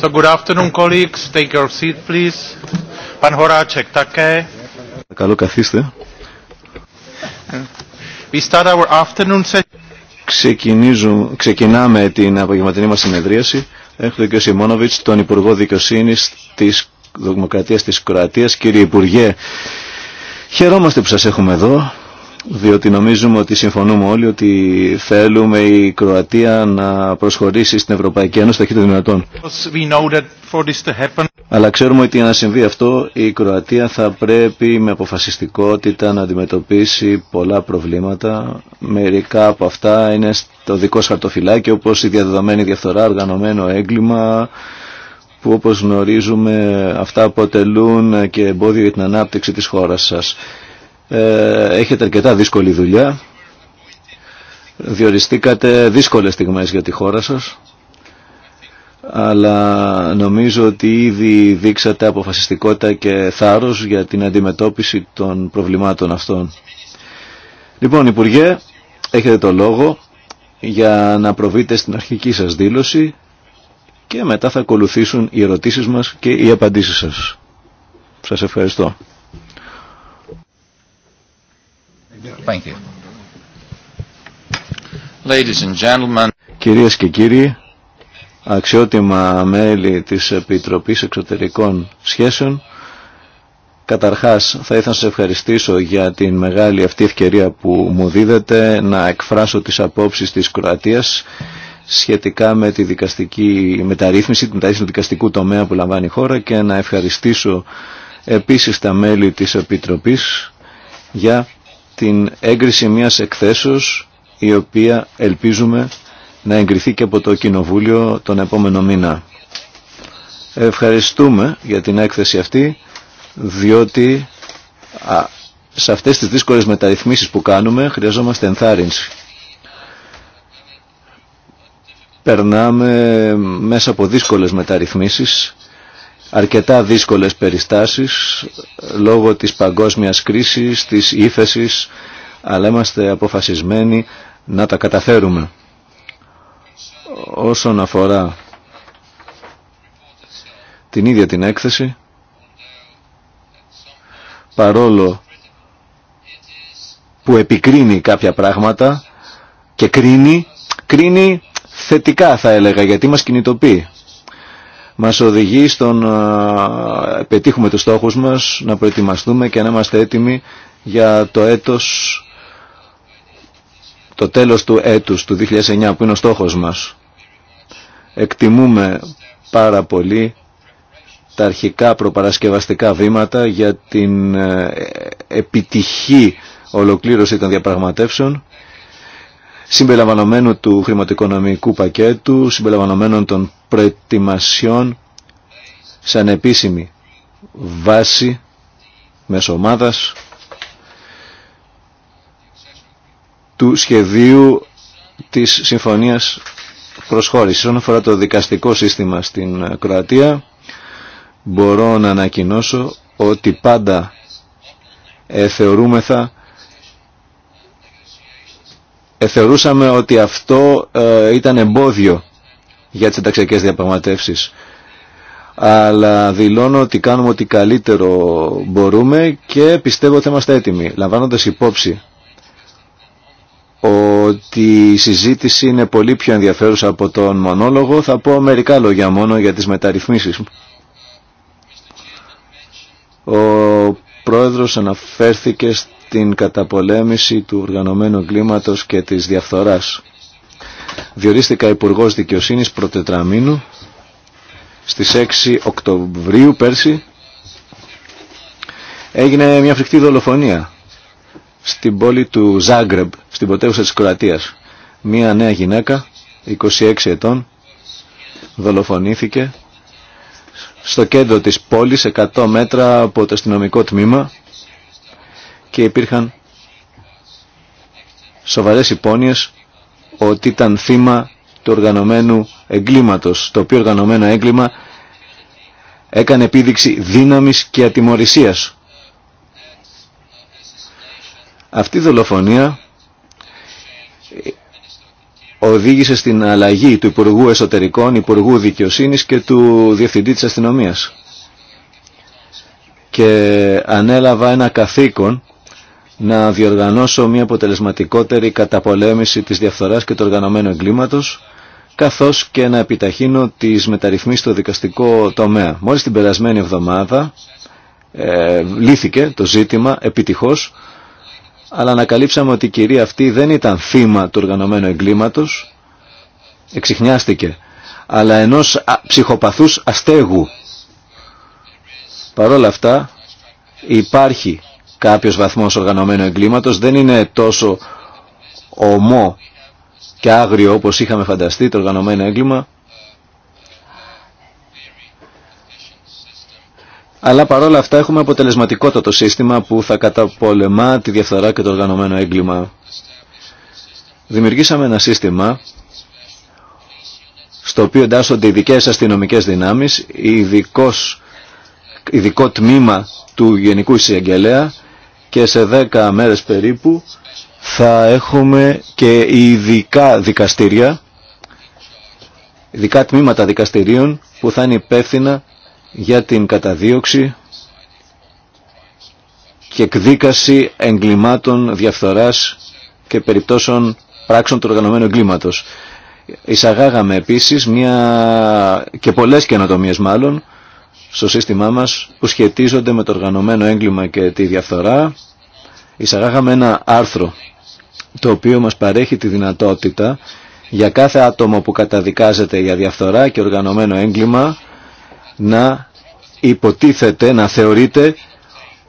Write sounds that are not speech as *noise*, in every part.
So good afternoon, colleagues. Take your seat, please. Pan Horáček také. Καλό καθίστε. We start our afternoon session. Ξεκινάμε την απογευματινή μας συνεδρίαση. Έχουμε τον κ. Σιμόνοβιτς, τον Υπουργό Δικαιοσύνης της Δημοκρατίας της Κροατίας. Κύριε Υπουργέ, χαιρόμαστε που σας έχουμε εδώ διότι νομίζουμε ότι συμφωνούμε όλοι ότι θέλουμε η Κροατία να προσχωρήσει στην Ευρωπαϊκή Ένωση τα δυνατόν. δυνατών. Αλλά ξέρουμε ότι για να συμβεί αυτό η Κροατία θα πρέπει με αποφασιστικότητα να αντιμετωπίσει πολλά προβλήματα. Μερικά από αυτά είναι στο δικό χαρτοφυλάκι όπως η διαδεδομένη διαφθορά, οργανωμένο έγκλημα που όπως γνωρίζουμε αυτά αποτελούν και εμπόδιο για την ανάπτυξη της χώρας σας. Ε, έχετε αρκετά δύσκολη δουλειά. Διοριστήκατε δύσκολες στιγμές για τη χώρα σας. Αλλά νομίζω ότι ήδη δείξατε αποφασιστικότητα και θάρρος για την αντιμετώπιση των προβλημάτων αυτών. Λοιπόν, Υπουργέ, έχετε το λόγο για να προβείτε στην αρχική σας δήλωση και μετά θα ακολουθήσουν οι ερωτήσεις μας και οι απαντήσεις σας. Σας ευχαριστώ. Thank you. Ladies and gentlemen. Κυρίες και κύριοι, αξιότιμα μέλη της Επιτροπής Εξωτερικών Σχέσεων, Καταρχάς θα ήθελα να σας ευχαριστήσω για την μεγάλη αυτή ευκαιρία που μου δίδετε να εκφράσω τις απόψεις της Κροατίας σχετικά με τη δικαστική μεταρρύθμιση, την μεταρρύθμιση του δικαστικού τομέα που λαμβάνει η χώρα και να ευχαριστήσω επίσης τα μέλη της Επιτροπής για την έγκριση μιας εκθέσεως η οποία ελπίζουμε να εγκριθεί και από το Κοινοβούλιο τον επόμενο μήνα. Ευχαριστούμε για την έκθεση αυτή διότι σε αυτές τις δύσκολες μεταρρυθμίσεις που κάνουμε χρειαζόμαστε ενθάρρυνση. Περνάμε μέσα από δύσκολες μεταρρυθμίσεις αρκετά δύσκολες περιστάσεις ε, λόγω της παγκόσμιας κρίσης, της ύφεση, αλλά είμαστε αποφασισμένοι να τα καταφέρουμε. Όσον αφορά την ίδια την έκθεση, παρόλο που επικρίνει κάποια πράγματα και κρίνει, κρίνει θετικά θα έλεγα γιατί μας κινητοποιεί μας οδηγεί στο να πετύχουμε τους στόχους μας, να προετοιμαστούμε και να είμαστε έτοιμοι για το έτος, το τέλος του έτους του 2009 που είναι ο στόχος μας. Εκτιμούμε πάρα πολύ τα αρχικά προπαρασκευαστικά βήματα για την ε, επιτυχή ολοκλήρωση των διαπραγματεύσεων συμπεριλαμβανομένου του χρηματοοικονομικού πακέτου, συμπεριλαμβανομένων των προετοιμασιών σαν επίσημη βάση μέσω ομάδας του σχεδίου της Συμφωνίας Προσχώρησης. Όσον αφορά το δικαστικό σύστημα στην Κροατία, μπορώ να ανακοινώσω ότι πάντα ε, θεωρούμεθα θεωρούσαμε ότι αυτό ε, ήταν εμπόδιο για τις ενταξιακές διαπραγματεύσεις. Αλλά δηλώνω ότι κάνουμε ό,τι καλύτερο μπορούμε και πιστεύω ότι είμαστε έτοιμοι, λαμβάνοντας υπόψη ότι η συζήτηση είναι πολύ πιο ενδιαφέρουσα από τον μονόλογο, θα πω μερικά λόγια μόνο για τις μεταρρυθμίσεις. Ο πρόεδρος αναφέρθηκε την καταπολέμηση του οργανωμένου κλίματος και της διαφθοράς. Διορίστηκα υπουργό Δικαιοσύνης πρωτετραμίνου στις 6 Οκτωβρίου πέρσι. Έγινε μια φρικτή δολοφονία στην πόλη του Ζάγκρεμπ, στην ποτέουσα της Κροατίας. Μια νέα γυναίκα, 26 ετών, δολοφονήθηκε στο κέντρο της πόλης, 100 μέτρα από το αστυνομικό τμήμα και υπήρχαν σοβαρές υπόνοιες ότι ήταν θύμα του οργανωμένου εγκλήματος, το οποίο οργανωμένο έγκλημα έκανε επίδειξη δύναμης και ατιμορρησίας. Αυτή η δολοφονία οδήγησε στην αλλαγή του Υπουργού Εσωτερικών, Υπουργού Δικαιοσύνης και του Διευθυντή της Αστυνομίας. Και ανέλαβα ένα καθήκον να διοργανώσω μια αποτελεσματικότερη καταπολέμηση της διαφθοράς και του οργανωμένου εγκλήματος, καθώς και να επιταχύνω τις μεταρρυθμίσεις στο δικαστικό τομέα. Μόλις την περασμένη εβδομάδα ε, λύθηκε το ζήτημα επιτυχώς, αλλά ανακαλύψαμε ότι η κυρία αυτή δεν ήταν θύμα του οργανωμένου εγκλήματος, εξηχνιάστηκε, αλλά ενός ψυχοπαθούς αστέγου. Παρ' όλα αυτά υπάρχει κάποιος βαθμός οργανωμένου εγκλήματος δεν είναι τόσο ομό και άγριο όπως είχαμε φανταστεί το οργανωμένο έγκλημα αλλά παρόλα αυτά έχουμε αποτελεσματικότατο σύστημα που θα καταπολεμά τη διαφθορά και το οργανωμένο έγκλημα. Δημιουργήσαμε ένα σύστημα στο οποίο εντάσσονται ειδικέ αστυνομικέ δυνάμει, ειδικό τμήμα του Γενικού Εισαγγελέα και σε 10 μέρες περίπου θα έχουμε και ειδικά δικαστήρια, ειδικά τμήματα δικαστηρίων που θα είναι υπεύθυνα για την καταδίωξη και εκδίκαση εγκλημάτων διαφθοράς και περιπτώσεων πράξεων του οργανωμένου εγκλήματος. Εισαγάγαμε επίσης μια και πολλές καινοτομίες μάλλον στο σύστημά μας που σχετίζονται με το οργανωμένο έγκλημα και τη διαφθορά. Εισαγάγαμε ένα άρθρο το οποίο μας παρέχει τη δυνατότητα για κάθε άτομο που καταδικάζεται για διαφθορά και οργανωμένο έγκλημα να υποτίθεται, να θεωρείται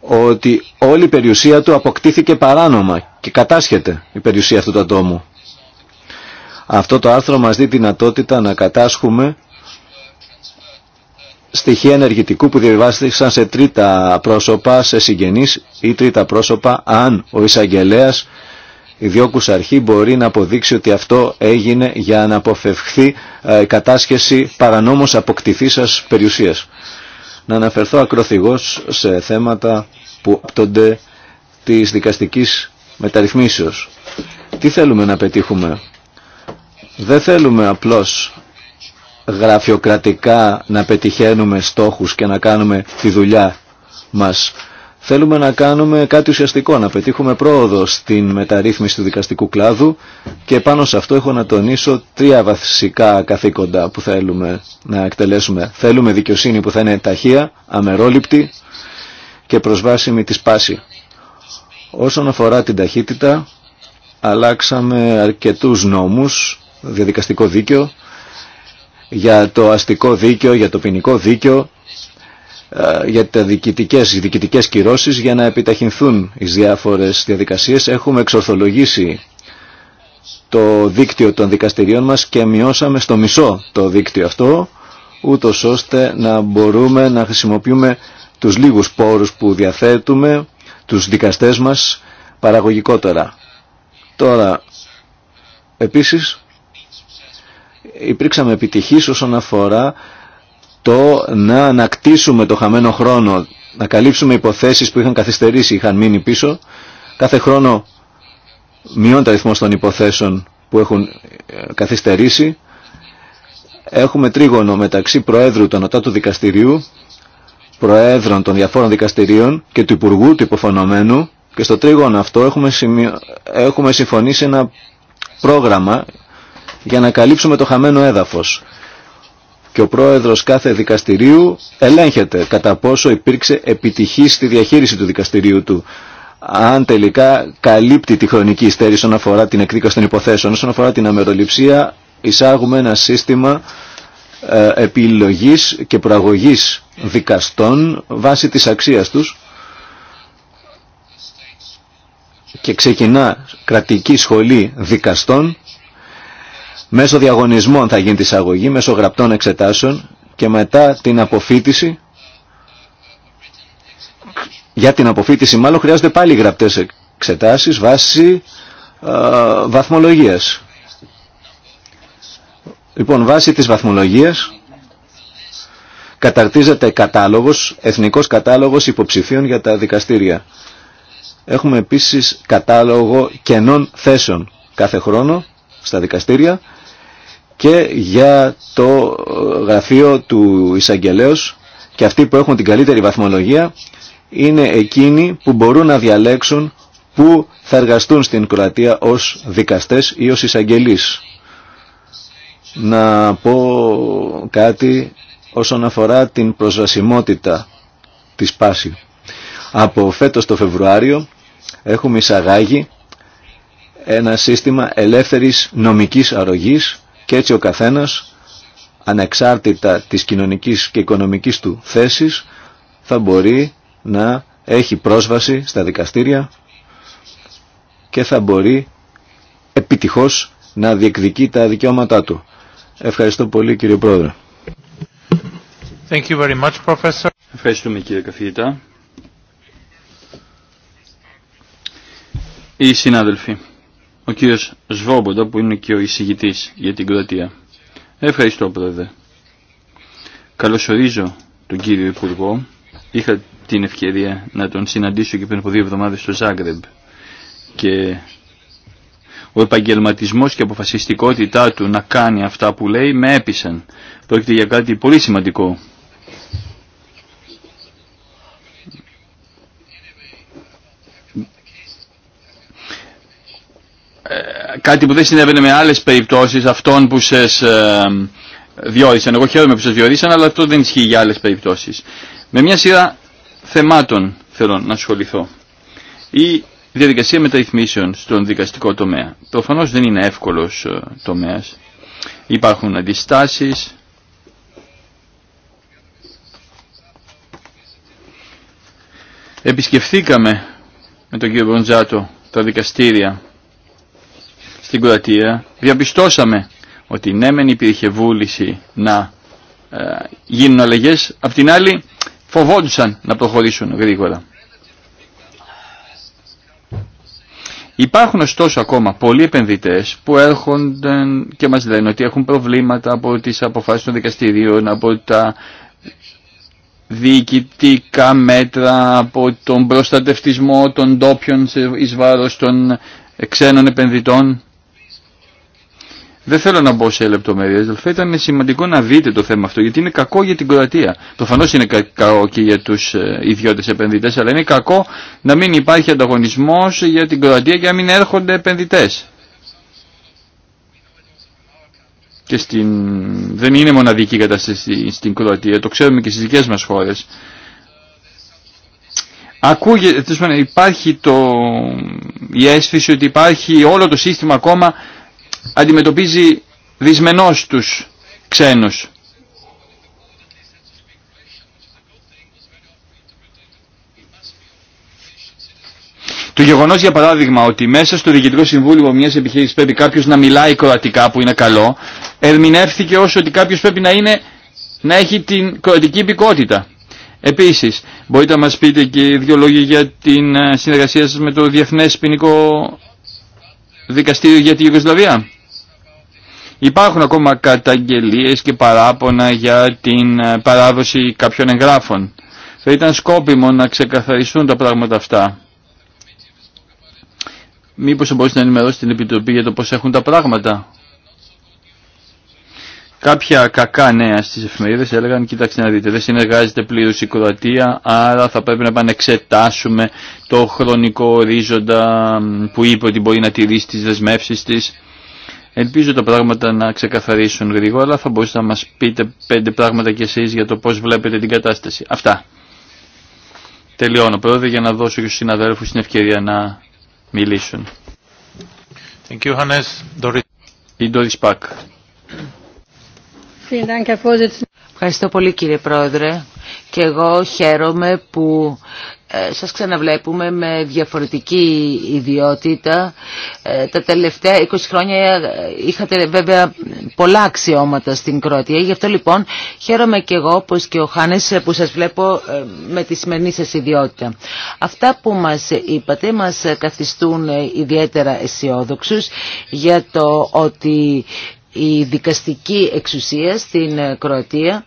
ότι όλη η περιουσία του αποκτήθηκε παράνομα και κατάσχεται η περιουσία αυτού του ατόμου. Αυτό το άρθρο μας δίνει δυνατότητα να κατάσχουμε στοιχεία ενεργητικού που διαβάστηκαν σε τρίτα πρόσωπα, σε συγγενείς ή τρίτα πρόσωπα, αν ο εισαγγελέα η αρχή μπορεί να αποδείξει ότι αυτό έγινε για να αποφευχθεί ε, κατάσχεση παρανόμως αποκτηθήσας περιουσίας. Να αναφερθώ ακροθυγώς σε θέματα που απτονται της δικαστικής μεταρρυθμίσεως. Τι θέλουμε να πετύχουμε. Δεν θέλουμε απλώς γραφειοκρατικά να πετυχαίνουμε στόχους και να κάνουμε τη δουλειά μας. Θέλουμε να κάνουμε κάτι ουσιαστικό, να πετύχουμε πρόοδο στην μεταρρύθμιση του δικαστικού κλάδου και πάνω σε αυτό έχω να τονίσω τρία βασικά καθήκοντα που θέλουμε να εκτελέσουμε. Θέλουμε δικαιοσύνη που θα είναι ταχεία, αμερόληπτη και προσβάσιμη τη πάση. Όσον αφορά την ταχύτητα, αλλάξαμε αρκετούς νόμους, διαδικαστικό δίκαιο, για το αστικό δίκαιο, για το ποινικό δίκαιο, ε, για τα διοικητικές, διοικητικές κυρώσεις για να επιταχυνθούν οι διάφορες διαδικασίες. Έχουμε εξορθολογήσει το δίκτυο των δικαστηριών μας και μειώσαμε στο μισό το δίκτυο αυτό, ούτω ώστε να μπορούμε να χρησιμοποιούμε τους λίγους πόρους που διαθέτουμε, τους δικαστές μας, παραγωγικότερα. Τώρα, επίσης, υπήρξαμε επιτυχείς όσον αφορά το να ανακτήσουμε το χαμένο χρόνο, να καλύψουμε υποθέσεις που είχαν καθυστερήσει, είχαν μείνει πίσω. Κάθε χρόνο μειώνεται ο αριθμός των υποθέσεων που έχουν ε, καθυστερήσει. Έχουμε τρίγωνο μεταξύ Προέδρου του Ανωτάτου Δικαστηρίου, Προέδρων των διαφόρων δικαστηρίων και του Υπουργού του υποφωνωμένου και στο τρίγωνο αυτό έχουμε, συμφωνήσει ένα πρόγραμμα για να καλύψουμε το χαμένο έδαφος. Και ο πρόεδρος κάθε δικαστηρίου ελέγχεται κατά πόσο υπήρξε επιτυχή στη διαχείριση του δικαστηρίου του. Αν τελικά καλύπτει τη χρονική υστέρηση όσον αφορά την εκδίκαση των υποθέσεων, όσον αφορά την αμεροληψία, εισάγουμε ένα σύστημα ε, επιλογής και προαγωγής δικαστών βάσει της αξίας τους και ξεκινά κρατική σχολή δικαστών Μέσω διαγωνισμών θα γίνει τη εισαγωγή, μέσω γραπτών εξετάσεων και μετά την αποφύτιση. Για την αποφύτιση μάλλον χρειάζονται πάλι γραπτές εξετάσεις βάσει βαθμολογίας. Λοιπόν, βάσει της βαθμολογίας καταρτίζεται κατάλογος, εθνικός κατάλογος υποψηφίων για τα δικαστήρια. Έχουμε επίσης κατάλογο κενών θέσεων κάθε χρόνο στα δικαστήρια και για το ε, γραφείο του Ισαγγελέως και αυτοί που έχουν την καλύτερη βαθμολογία είναι εκείνοι που μπορούν να διαλέξουν που θα εργαστούν στην Κροατία ως δικαστές ή ως εισαγγελείς. Να πω κάτι όσον αφορά την προσβασιμότητα της πάση. Από φέτος το Φεβρουάριο έχουμε εισαγάγει ένα σύστημα ελεύθερης νομικής αρρωγής και έτσι ο καθένας, ανεξάρτητα της κοινωνικής και οικονομικής του θέσης, θα μπορεί να έχει πρόσβαση στα δικαστήρια και θα μπορεί επιτυχώς να διεκδικεί τα δικαιώματά του. Ευχαριστώ πολύ κύριε Πρόεδρε. Thank you very much, professor. Ευχαριστούμε κύριε καθηγητά. Οι συνάδελφοι ο κύριος Σβόμποντα που είναι και ο εισηγητής για την Κροατία. Ευχαριστώ πρόεδρε. Καλωσορίζω τον κύριο Υπουργό. Είχα την ευκαιρία να τον συναντήσω και πριν από δύο εβδομάδες στο Ζάγκρεμπ και ο επαγγελματισμός και αποφασιστικότητά του να κάνει αυτά που λέει με έπεισαν. Πρόκειται για κάτι πολύ σημαντικό κάτι που δεν συνέβαινε με άλλες περιπτώσεις αυτών που σας ε, διόρισαν. Εγώ χαίρομαι που σας διορίσαν, αλλά αυτό δεν ισχύει για άλλες περιπτώσεις. Με μια σειρά θεμάτων θέλω να ασχοληθώ. Η διαδικασία μεταρρυθμίσεων στον δικαστικό τομέα. Προφανώς δεν είναι εύκολος ε, τομέας. Υπάρχουν αντιστάσεις. Επισκεφθήκαμε με τον κύριο Μπροντζάτο τα δικαστήρια στην Κροατία διαπιστώσαμε ότι ναι μεν υπήρχε βούληση να ε, γίνουν αλλαγέ, απ' την άλλη φοβόντουσαν να προχωρήσουν γρήγορα. Υπάρχουν ωστόσο ακόμα πολλοί επενδυτές που έρχονται και μας λένε ότι έχουν προβλήματα από τις αποφάσεις των δικαστηρίων, από τα διοικητικά μέτρα, από τον προστατευτισμό των ντόπιων εις βάρος των ε, ξένων επενδυτών. Δεν θέλω να μπω σε λεπτομέρειες, αλλά θα ήταν σημαντικό να δείτε το θέμα αυτό, γιατί είναι κακό για την Κροατία. Προφανώ είναι κακό και για του ε, ιδιώτες επενδυτέ, αλλά είναι κακό να μην υπάρχει ανταγωνισμό για την Κροατία και να μην έρχονται επενδυτέ. Και στην... δεν είναι μοναδική κατάσταση στην Κροατία, το ξέρουμε και στι δικέ μα χώρε. Ακούγεται, υπάρχει το... η αίσθηση ότι υπάρχει όλο το σύστημα ακόμα αντιμετωπίζει δυσμενώς τους ξένους. Το γεγονό, για παράδειγμα, ότι μέσα στο διοικητικό συμβούλιο μια επιχείρηση πρέπει κάποιο να μιλάει κροατικά, που είναι καλό, ερμηνεύθηκε όσο ότι κάποιο πρέπει να, είναι, να έχει την κροατική υπηκότητα. Επίση, μπορείτε να μα πείτε και δύο λόγια για την ε, συνεργασία σα με το Διεθνέ Ποινικό δικαστήριο για τη Ιουγκοσλαβία. Υπάρχουν ακόμα καταγγελίες και παράπονα για την ε, παράδοση κάποιων εγγράφων. Θα ήταν σκόπιμο να ξεκαθαριστούν τα πράγματα αυτά. Μήπως μπορείς να ενημερώσει την Επιτροπή για το πώς έχουν τα πράγματα. Κάποια κακά νέα στις εφημερίδες έλεγαν, κοιτάξτε να δείτε, δεν συνεργάζεται πλήρως η Κροατία, άρα θα πρέπει να επανεξετάσουμε το χρονικό ορίζοντα που είπε ότι μπορεί να τηρήσει τις δεσμεύσεις της. Ελπίζω τα πράγματα να ξεκαθαρίσουν γρήγορα, αλλά θα μπορούσατε να μας πείτε πέντε πράγματα κι εσείς για το πώς βλέπετε την κατάσταση. Αυτά. Τελειώνω πρόεδρε για να δώσω και στους συναδέλφους την ευκαιρία να μιλήσουν. Thank you, Η Doris Σπακ. Ευχαριστώ πολύ κύριε Πρόεδρε και εγώ χαίρομαι που ε, σας ξαναβλέπουμε με διαφορετική ιδιότητα. Ε, τα τελευταία 20 χρόνια ε, είχατε βέβαια πολλά αξιώματα στην Κροατία. Γι' αυτό λοιπόν χαίρομαι και εγώ πως και ο Χάνες που σας βλέπω με τη σημερινή σας ιδιότητα. Αυτά που μας είπατε μας καθιστούν ιδιαίτερα αισιόδοξου για το ότι η δικαστική εξουσία στην ε, Κροατία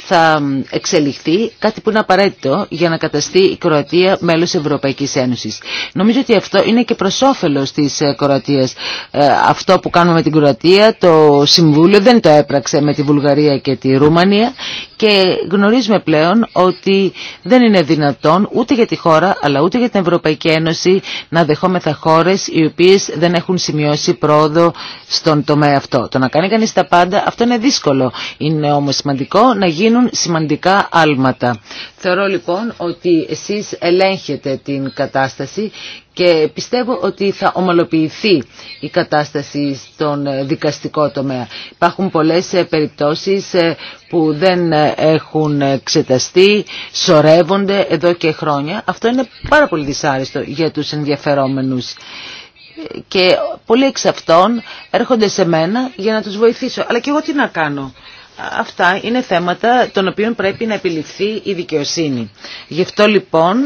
θα εξελιχθεί κάτι που είναι απαραίτητο για να καταστεί η Κροατία μέλος Ευρωπαϊκής Ένωσης. Νομίζω ότι αυτό είναι και προς όφελος της ε, Κροατίας. Ε, αυτό που κάνουμε με την Κροατία το Συμβούλιο δεν το έπραξε με τη Βουλγαρία και τη Ρουμανία και γνωρίζουμε πλέον ότι δεν είναι δυνατόν ούτε για τη χώρα αλλά ούτε για την Ευρωπαϊκή Ένωση να δεχόμεθα χώρες οι οποίες δεν έχουν σημειώσει πρόοδο στον τομέα αυτό. Το να κάνει κανείς τα πάντα αυτό είναι δύσκολο. Είναι όμως σημαντικό να γίνουν σημαντικά άλματα. Θεωρώ λοιπόν ότι εσείς ελέγχετε την κατάσταση και πιστεύω ότι θα ομαλοποιηθεί η κατάσταση στον δικαστικό τομέα. Υπάρχουν πολλές ε, περιπτώσεις ε, που δεν ε, έχουν εξεταστεί, σορεύονται εδώ και χρόνια. Αυτό είναι πάρα πολύ δυσάρεστο για τους ενδιαφερόμενους και πολλοί εξ αυτών έρχονται σε μένα για να τους βοηθήσω. Αλλά και εγώ τι να κάνω. Αυτά είναι θέματα των οποίων πρέπει να επιληφθεί η δικαιοσύνη. Γι' αυτό λοιπόν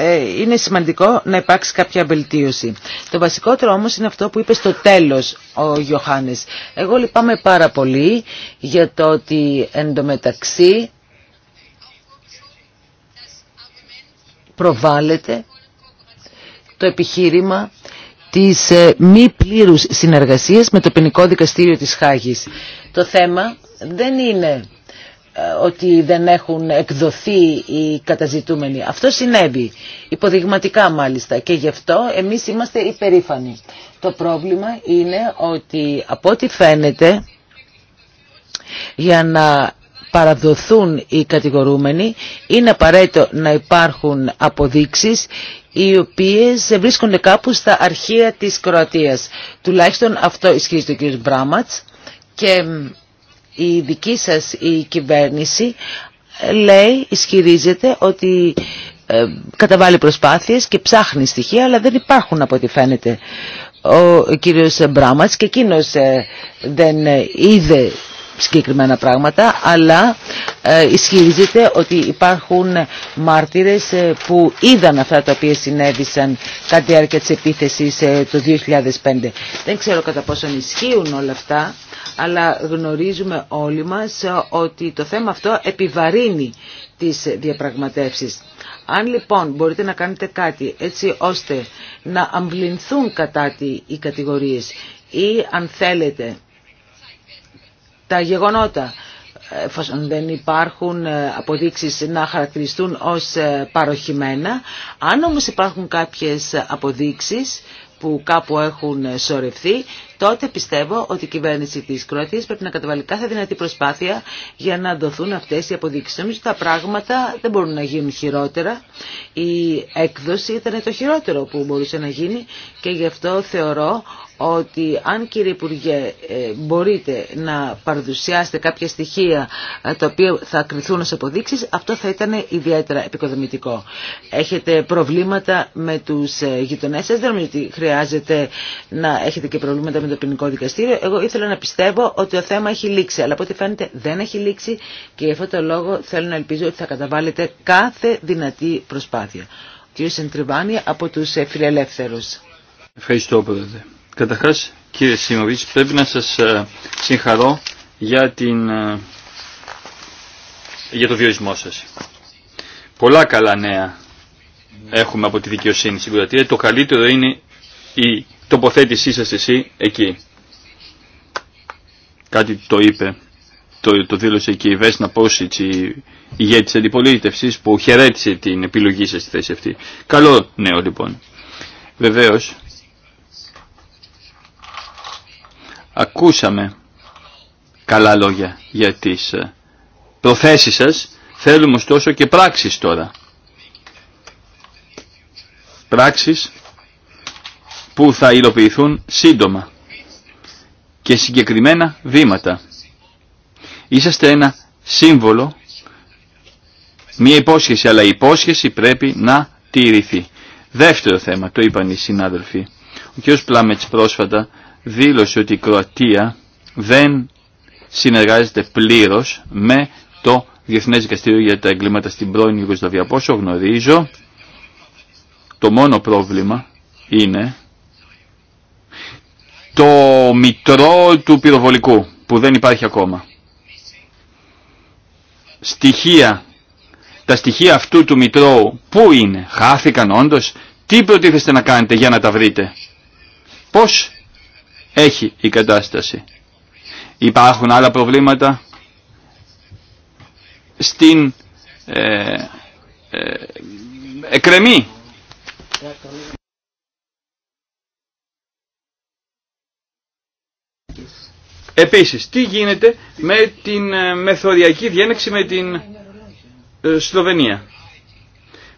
ε, είναι σημαντικό να υπάρξει κάποια βελτίωση. Το βασικότερο όμως είναι αυτό που είπε στο τέλος ο Γιωχάνης. Εγώ λυπάμαι πάρα πολύ για το ότι εντωμεταξύ προβάλλεται το επιχείρημα της ε, μη πλήρους συνεργασίας με το ποινικό δικαστήριο της Χάγης. Το θέμα δεν είναι ε, ότι δεν έχουν εκδοθεί οι καταζητούμενοι. Αυτό συνέβη, υποδειγματικά μάλιστα, και γι' αυτό εμείς είμαστε υπερήφανοι. Το πρόβλημα είναι ότι από ό,τι φαίνεται, για να παραδοθούν οι κατηγορούμενοι, είναι απαραίτητο να υπάρχουν αποδείξεις οι οποίες βρίσκονται κάπου στα αρχεία της Κροατίας. Τουλάχιστον αυτό ισχύει το κ. Μπράματς και η δική σας η κυβέρνηση λέει, ισχυρίζεται ότι ε, καταβάλει προσπάθειες και ψάχνει στοιχεία αλλά δεν υπάρχουν από ό,τι φαίνεται ο κύριος Μπράμας και εκείνος ε, δεν ε, είδε συγκεκριμένα πράγματα αλλά ε, ισχυρίζεται ότι υπάρχουν μάρτυρες που είδαν αυτά τα οποία συνέβησαν κατά τη διάρκεια της επίθεσης το 2005. Δεν ξέρω κατά πόσο ισχύουν όλα αυτά αλλά γνωρίζουμε όλοι μας ε, ότι το θέμα αυτό επιβαρύνει τις διαπραγματεύσεις. Αν λοιπόν μπορείτε να κάνετε κάτι έτσι ώστε να αμβληνθούν κατά τη οι κατηγορίες ή αν θέλετε τα γεγονότα ε, εφόσον δεν υπάρχουν ε, αποδείξεις να χαρακτηριστούν ως παροχημένα. Αν όμως υπάρχουν κάποιες αποδείξεις που κάπου έχουν σωρευθεί, τότε πιστεύω ότι η κυβέρνηση της Κροατίας πρέπει να καταβάλει κάθε δυνατή προσπάθεια για να δοθούν αυτές οι αποδείξεις. Νομίζω τα πράγματα δεν μπορούν να γίνουν χειρότερα. Η έκδοση ήταν το χειρότερο που μπορούσε να γίνει και γι' αυτό θεωρώ ότι αν κύριε Υπουργέ ε, μπορείτε να παρουσιάσετε κάποια στοιχεία ε, τα οποία θα κρυθούν ως αποδείξεις, αυτό θα ήταν ιδιαίτερα επικοδομητικό. Έχετε προβλήματα με τους ε, γειτονές σας, δεν νομίζω ότι χρειάζεται να έχετε και προβλήματα με το ποινικό δικαστήριο. Εγώ ήθελα να πιστεύω ότι το θέμα έχει λήξει, αλλά από ό,τι φαίνεται δεν έχει λήξει και γι' αυτό το λόγο θέλω να ελπίζω ότι θα καταβάλλετε κάθε δυνατή προσπάθεια. Κύριε Σεντριβάνη από τους φιλελεύθερους. Ευχαριστώ, Πρόεδρε. Καταρχάς, κύριε Σιμωβίτς, πρέπει να σας ε, συγχαρώ για, την, ε, για το βιορισμό σας. Πολλά καλά νέα έχουμε από τη δικαιοσύνη στην Το καλύτερο είναι η τοποθέτησή σας εσύ εκεί. Κάτι το είπε, το, το δήλωσε και η Βέσνα Πόσιτς, η ηγέτη της αντιπολίτευσης που χαιρέτησε την επιλογή σας στη θέση αυτή. Καλό νέο λοιπόν. Βεβαίως, Ακούσαμε καλά λόγια για τις ε, προθέσεις σας. Θέλουμε ωστόσο και πράξεις τώρα. Πράξεις που θα υλοποιηθούν σύντομα και συγκεκριμένα βήματα. Είσαστε ένα σύμβολο, μία υπόσχεση, αλλά η υπόσχεση πρέπει να τηρηθεί. Δεύτερο θέμα, το είπαν οι συνάδελφοι. Ο κ. Πλάμετς πρόσφατα δήλωσε ότι η Κροατία δεν συνεργάζεται πλήρως με το Διεθνές Δικαστήριο για τα Εγκλήματα στην πρώην Ιουγκοσλαβία. Πόσο γνωρίζω, το μόνο πρόβλημα είναι το μητρό του πυροβολικού που δεν υπάρχει ακόμα. Στοιχεία, τα στοιχεία αυτού του μητρώου πού είναι, χάθηκαν όντως, τι προτίθεστε να κάνετε για να τα βρείτε. Πώς έχει η κατάσταση. Υπάρχουν άλλα προβλήματα στην ε, ε, εκκρεμή. Επίσης, τι γίνεται με την ε, μεθοριακή διένεξη με την ε, Σλοβενία.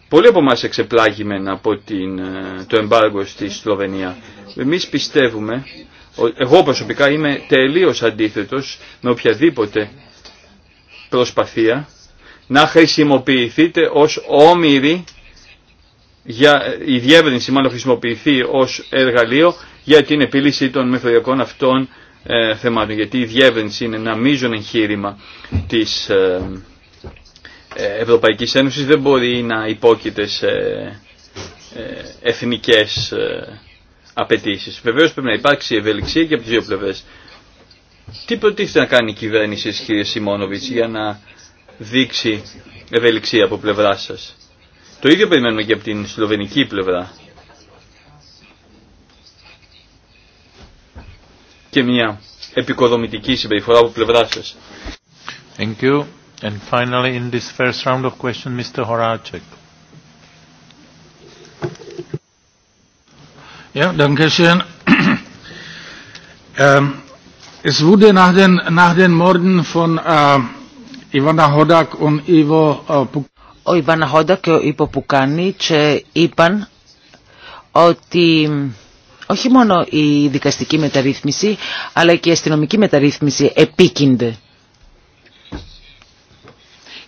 Πολλοί από εμάς εξεπλάγημεν από την, ε, το εμπάργο στη Σλοβενία. Εμείς πιστεύουμε εγώ προσωπικά είμαι τελείως αντίθετος με οποιαδήποτε προσπαθία να χρησιμοποιηθείτε ως όμοιροι για, η διεύρυνση μάλλον χρησιμοποιηθεί ως εργαλείο για την επίλυση των μεθοδιακών αυτών ε, θεμάτων. Γιατί η διεύρυνση είναι ένα μείζον εγχείρημα της ε, ε Ευρωπαϊκής Ένωσης δεν μπορεί να υπόκειται σε ε, εθνικές απαιτήσει. Βεβαίω πρέπει να υπάρξει ευελιξία και από τι δύο πλευρέ. Τι προτίθεται να κάνει η κυβέρνηση τη κυρία Σιμόνοβιτ για να δείξει ευελιξία από πλευρά σα. Το ίδιο περιμένουμε και από την σλοβενική πλευρά. Και μια επικοδομητική συμπεριφορά από πλευρά σα. Thank you. And finally in this first round of questions, Mr. Horacek. Ja, danke schön. *clears throat* Ähm, es wurde nach den, nach den äh, äh, Ο Ιβάνα Χόντα και ο Ιπο Πουκάνιτς είπαν ότι όχι μόνο η δικαστική μεταρρύθμιση αλλά και η αστυνομική μεταρρύθμιση επίκυνται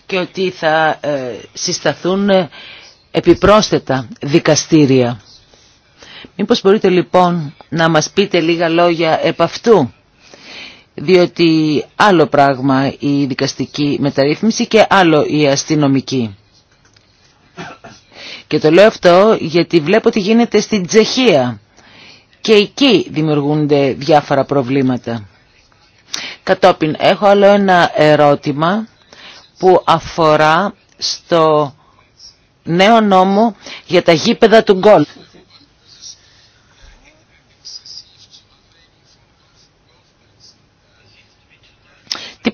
και ότι θα ε, συσταθούν επιπρόσθετα δικαστήρια. Μήπως μπορείτε λοιπόν να μας πείτε λίγα λόγια επ' αυτού, διότι άλλο πράγμα η δικαστική μεταρρύθμιση και άλλο η αστυνομική. Και το λέω αυτό γιατί βλέπω ότι γίνεται στην Τσεχία και εκεί δημιουργούνται διάφορα προβλήματα. Κατόπιν έχω άλλο ένα ερώτημα που αφορά στο νέο νόμο για τα γήπεδα του γκολ.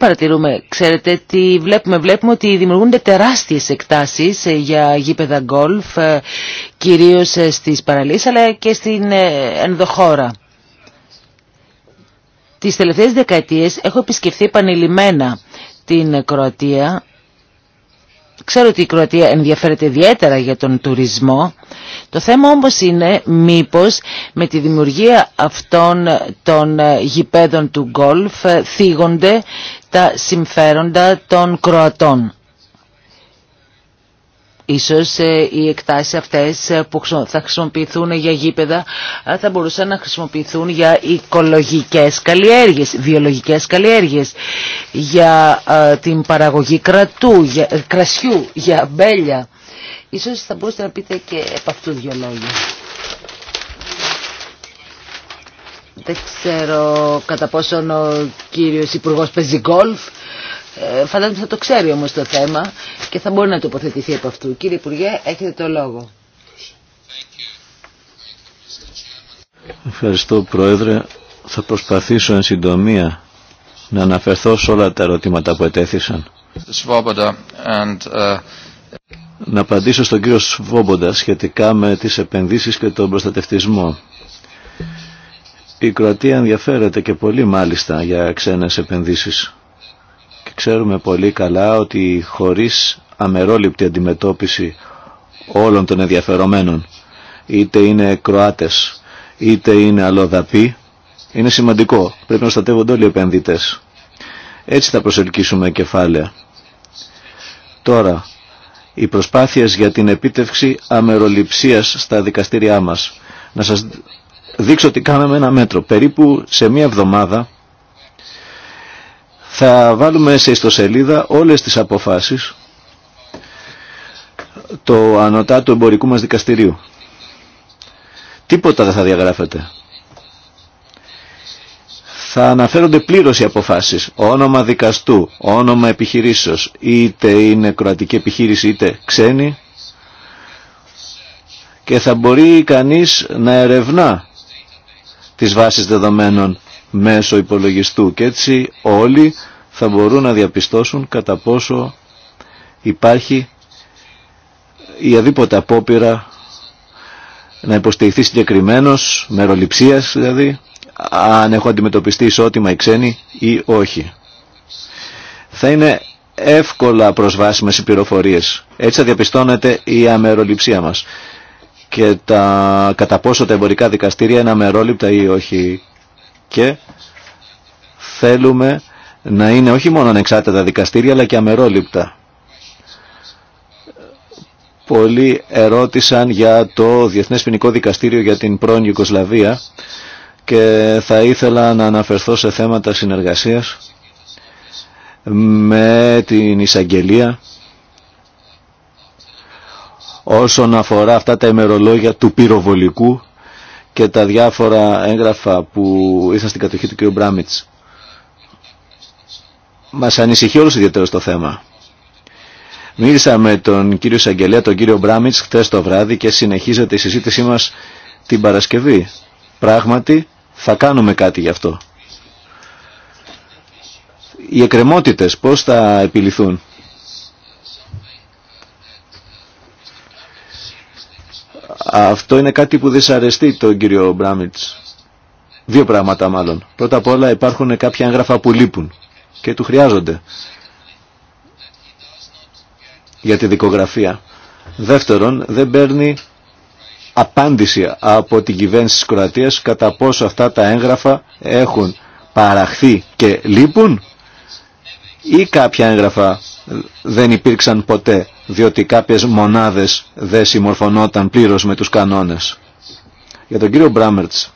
παρατηρούμε, ξέρετε, τι βλέπουμε. Βλέπουμε ότι δημιουργούνται τεράστιες εκτάσεις ε, για γήπεδα γκολφ, ε, κυρίως ε, στις παραλίες, αλλά και στην ενδοχώρα. Τις τελευταίες δεκαετίες έχω επισκεφθεί επανειλημμένα την Κροατία. Ξέρω ότι η Κροατία ενδιαφέρεται ιδιαίτερα για τον τουρισμό. Το θέμα όμως είναι μήπως με τη δημιουργία αυτών των γηπέδων του γκολφ θίγονται τα συμφέροντα των Κροατών. Ίσως ε, οι εκτάσεις αυτές ε, που θα χρησιμοποιηθούν για γήπεδα ε, θα μπορούσαν να χρησιμοποιηθούν για οικολογικές καλλιέργειες, βιολογικές καλλιέργειες, για την παραγωγή κρατού, κρασιού, για μπέλια. Ίσως θα μπορούσατε να πείτε και από αυτού δύο λόγια. Δεν ξέρω κατά πόσον ο κύριος Υπουργός παίζει γκολφ. Ε, φαντάζομαι θα το ξέρει όμως το θέμα και θα μπορεί να τοποθετηθεί από αυτού. Κύριε Υπουργέ, έχετε το λόγο. Ευχαριστώ Πρόεδρε. Θα προσπαθήσω εν συντομία να αναφερθώ σε όλα τα ερωτήματα που ετέθησαν. Ε, να απαντήσω στον κύριο Σβόμποντα σχετικά με τις επενδύσεις και τον προστατευτισμό. Η Κροατία ενδιαφέρεται και πολύ μάλιστα για ξένες επενδύσεις. Και ξέρουμε πολύ καλά ότι χωρίς αμερόληπτη αντιμετώπιση όλων των ενδιαφερομένων, είτε είναι Κροάτες, είτε είναι αλλοδαποί, είναι σημαντικό. Πρέπει να στατεύονται όλοι οι επενδυτές. Έτσι θα προσελκύσουμε κεφάλαια. Τώρα, οι προσπάθειες για την επίτευξη αμεροληψίας στα δικαστήριά μας. Να σας δείξω ότι κάναμε ένα μέτρο. Περίπου σε μία εβδομάδα θα βάλουμε σε ιστοσελίδα όλες τις αποφάσεις το ανωτά του εμπορικού μας δικαστηρίου. Τίποτα δεν θα διαγράφεται. Θα αναφέρονται πλήρως οι αποφάσεις. Όνομα δικαστού, όνομα επιχειρήσεως, είτε είναι κρατική επιχείρηση είτε ξένη. Και θα μπορεί κανείς να ερευνά τις βάσεις δεδομένων μέσω υπολογιστού και έτσι όλοι θα μπορούν να διαπιστώσουν κατά πόσο υπάρχει η αδίποτε απόπειρα να υποστηριχθεί συγκεκριμένο, μεροληψία δηλαδή, αν έχω αντιμετωπιστεί ισότιμα οι ξένοι ή όχι. Θα είναι εύκολα προσβάσιμες οι πληροφορίες. Έτσι θα διαπιστώνεται η αμεροληψία μας και τα, κατά πόσο τα εμπορικά δικαστήρια είναι αμερόληπτα ή όχι. Και θέλουμε να είναι όχι μόνο ανεξάρτητα δικαστήρια αλλά και αμερόληπτα. Πολλοί ερώτησαν για το Διεθνές Ποινικό Δικαστήριο για την πρώην Ιουκοσλαβία και θα ήθελα να αναφερθώ σε θέματα συνεργασίας με την εισαγγελία όσον αφορά αυτά τα ημερολόγια του πυροβολικού και τα διάφορα έγγραφα που ήρθαν στην κατοχή του κ. Μπράμιτς. Μας ανησυχεί όλους ιδιαίτερα στο θέμα. Μίλησα με τον κύριο Σαγγελέα, τον κύριο Μπράμιτς, χτες το βράδυ και συνεχίζεται η συζήτησή μας την Παρασκευή. Πράγματι, θα κάνουμε κάτι γι' αυτό. Οι εκκρεμότητες πώς θα επιληθούν. Αυτό είναι κάτι που δυσαρεστεί τον κύριο Μπράμιτς. Δύο πράγματα μάλλον. Πρώτα απ' όλα υπάρχουν κάποια έγγραφα που λείπουν και του χρειάζονται για τη δικογραφία. Δεύτερον, δεν παίρνει απάντηση από την κυβέρνηση της Κροατίας κατά πόσο αυτά τα έγγραφα έχουν παραχθεί και λείπουν ή κάποια έγγραφα δεν υπήρξαν ποτέ διότι κάποιες μονάδες δεν συμμορφωνόταν πλήρως με τους κανόνες. Για τον κύριο Μπράμερτς.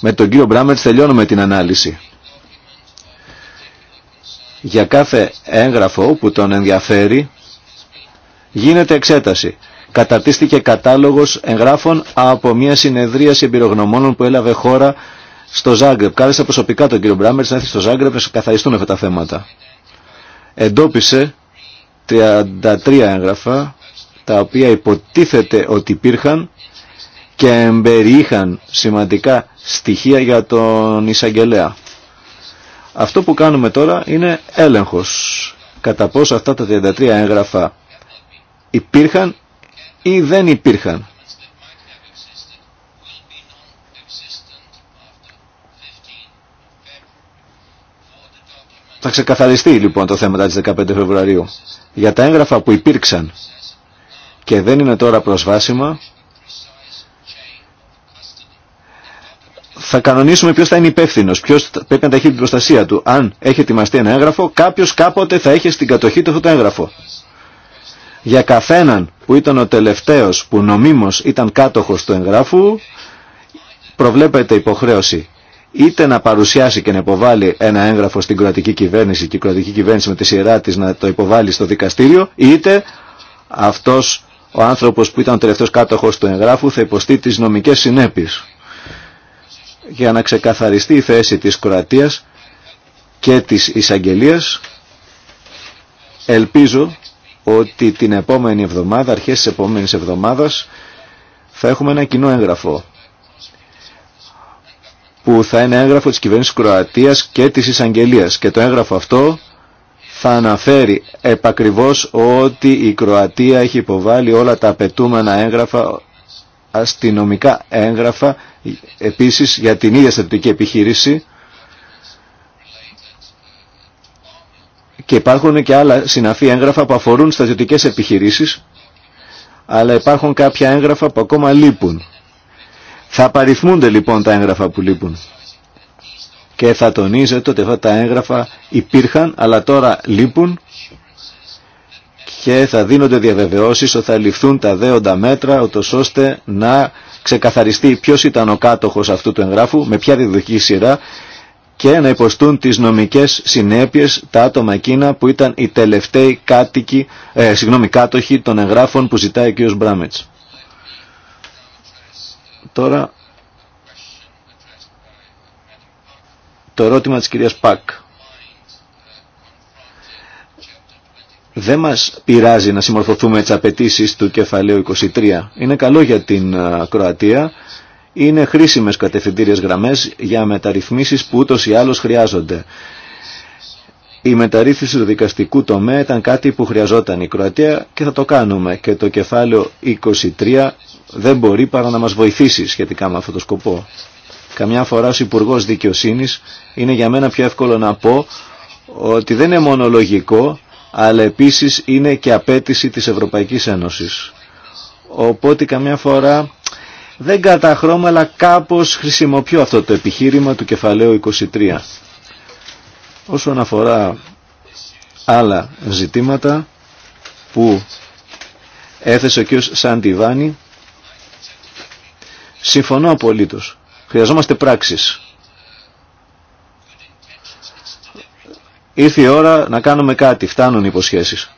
Με τον κύριο Μπράμερτς τελειώνουμε την ανάλυση. Για κάθε έγγραφο που τον ενδιαφέρει γίνεται εξέταση. Καταρτίστηκε κατάλογος εγγράφων από μια συνεδρίαση εμπειρογνωμόνων που έλαβε χώρα στο Ζάγκρεπ. Κάλεσα προσωπικά τον κύριο Μπράμερτς να έρθει στο Ζάγκρεπ να καθαριστούν αυτά τα θέματα εντόπισε 33 έγγραφα τα οποία υποτίθεται ότι υπήρχαν και εμπεριείχαν σημαντικά στοιχεία για τον εισαγγελέα. Αυτό που κάνουμε τώρα είναι έλεγχος κατά πόσο αυτά τα 33 έγγραφα υπήρχαν ή δεν υπήρχαν Θα ξεκαθαριστεί λοιπόν το θέμα της 15 Φεβρουαρίου. Για τα έγγραφα που υπήρξαν και δεν είναι τώρα προσβάσιμα, θα κανονίσουμε ποιος θα είναι υπεύθυνο, ποιο πρέπει να τα έχει την προστασία του. Αν έχει ετοιμαστεί ένα έγγραφο, κάποιος κάποτε θα έχει στην κατοχή του αυτό το έγγραφο. Για καθέναν που ήταν ο τελευταίος που νομίμως ήταν κάτοχος του εγγράφου, προβλέπεται υποχρέωση είτε να παρουσιάσει και να υποβάλει ένα έγγραφο στην κρατική κυβέρνηση και η κρατική κυβέρνηση με τη σειρά της να το υποβάλει στο δικαστήριο, είτε αυτός ο άνθρωπος που ήταν ο τελευταίος κάτοχος του εγγράφου θα υποστεί τις νομικές συνέπειες. Για να ξεκαθαριστεί η θέση της Κροατίας και της εισαγγελία. ελπίζω ότι την επόμενη εβδομάδα, αρχές της επόμενης εβδομάδας, θα έχουμε ένα κοινό έγγραφο που θα είναι έγγραφο της κυβέρνησης Κροατίας και της Ισαγγελίας. Και το έγγραφο αυτό θα αναφέρει επακριβώς ότι η Κροατία έχει υποβάλει όλα τα απαιτούμενα έγγραφα, αστυνομικά έγγραφα, επίσης για την ίδια στρατιωτική επιχείρηση και υπάρχουν και άλλα συναφή έγγραφα που αφορούν στρατιωτικές επιχειρήσεις αλλά υπάρχουν κάποια έγγραφα που ακόμα λείπουν. Θα απαριθμούνται λοιπόν τα έγγραφα που λείπουν. Και θα τονίζετε ότι αυτά τα έγγραφα υπήρχαν αλλά τώρα λείπουν και θα δίνονται διαβεβαιώσεις ότι θα ληφθούν τα δέοντα μέτρα ώστε να ξεκαθαριστεί ποιος ήταν ο κάτοχος αυτού του εγγράφου, με ποια διδοχή σειρά και να υποστούν τις νομικές συνέπειες τα άτομα εκείνα που ήταν οι τελευταίοι κάτοικοι, ε, κάτοχοι των εγγράφων που ζητάει ο κ. Μπράμετς. Τώρα το ερώτημα της κυρίας Πακ. Δεν μας πειράζει να συμμορφωθούμε τις απαιτήσει του κεφαλαίου 23. Είναι καλό για την Κροατία. Είναι χρήσιμες κατευθυντήριες γραμμές για μεταρρυθμίσεις που ούτως ή άλλως χρειάζονται. Η μεταρρύθμιση του δικαστικού τομέα ήταν κάτι που χρειαζόταν η Κροατία και θα το κάνουμε. Και το κεφάλαιο 23 δεν μπορεί παρά να μας βοηθήσει σχετικά με αυτό το σκοπό. Καμιά φορά ως υπουργό Δικαιοσύνης είναι για μένα πιο εύκολο να πω ότι δεν είναι μονολογικό, αλλά επίσης είναι και απέτηση της Ευρωπαϊκής Ένωσης. Οπότε καμιά φορά δεν καταχρώμαι, αλλά κάπως χρησιμοποιώ αυτό το επιχείρημα του κεφαλαίου 23. Όσον αφορά άλλα ζητήματα που έθεσε ο κ. Σαντιβάνη Συμφωνώ απολύτω. Χρειαζόμαστε πράξεις. Ήρθε η ώρα να κάνουμε κάτι. Φτάνουν οι υποσχέσεις.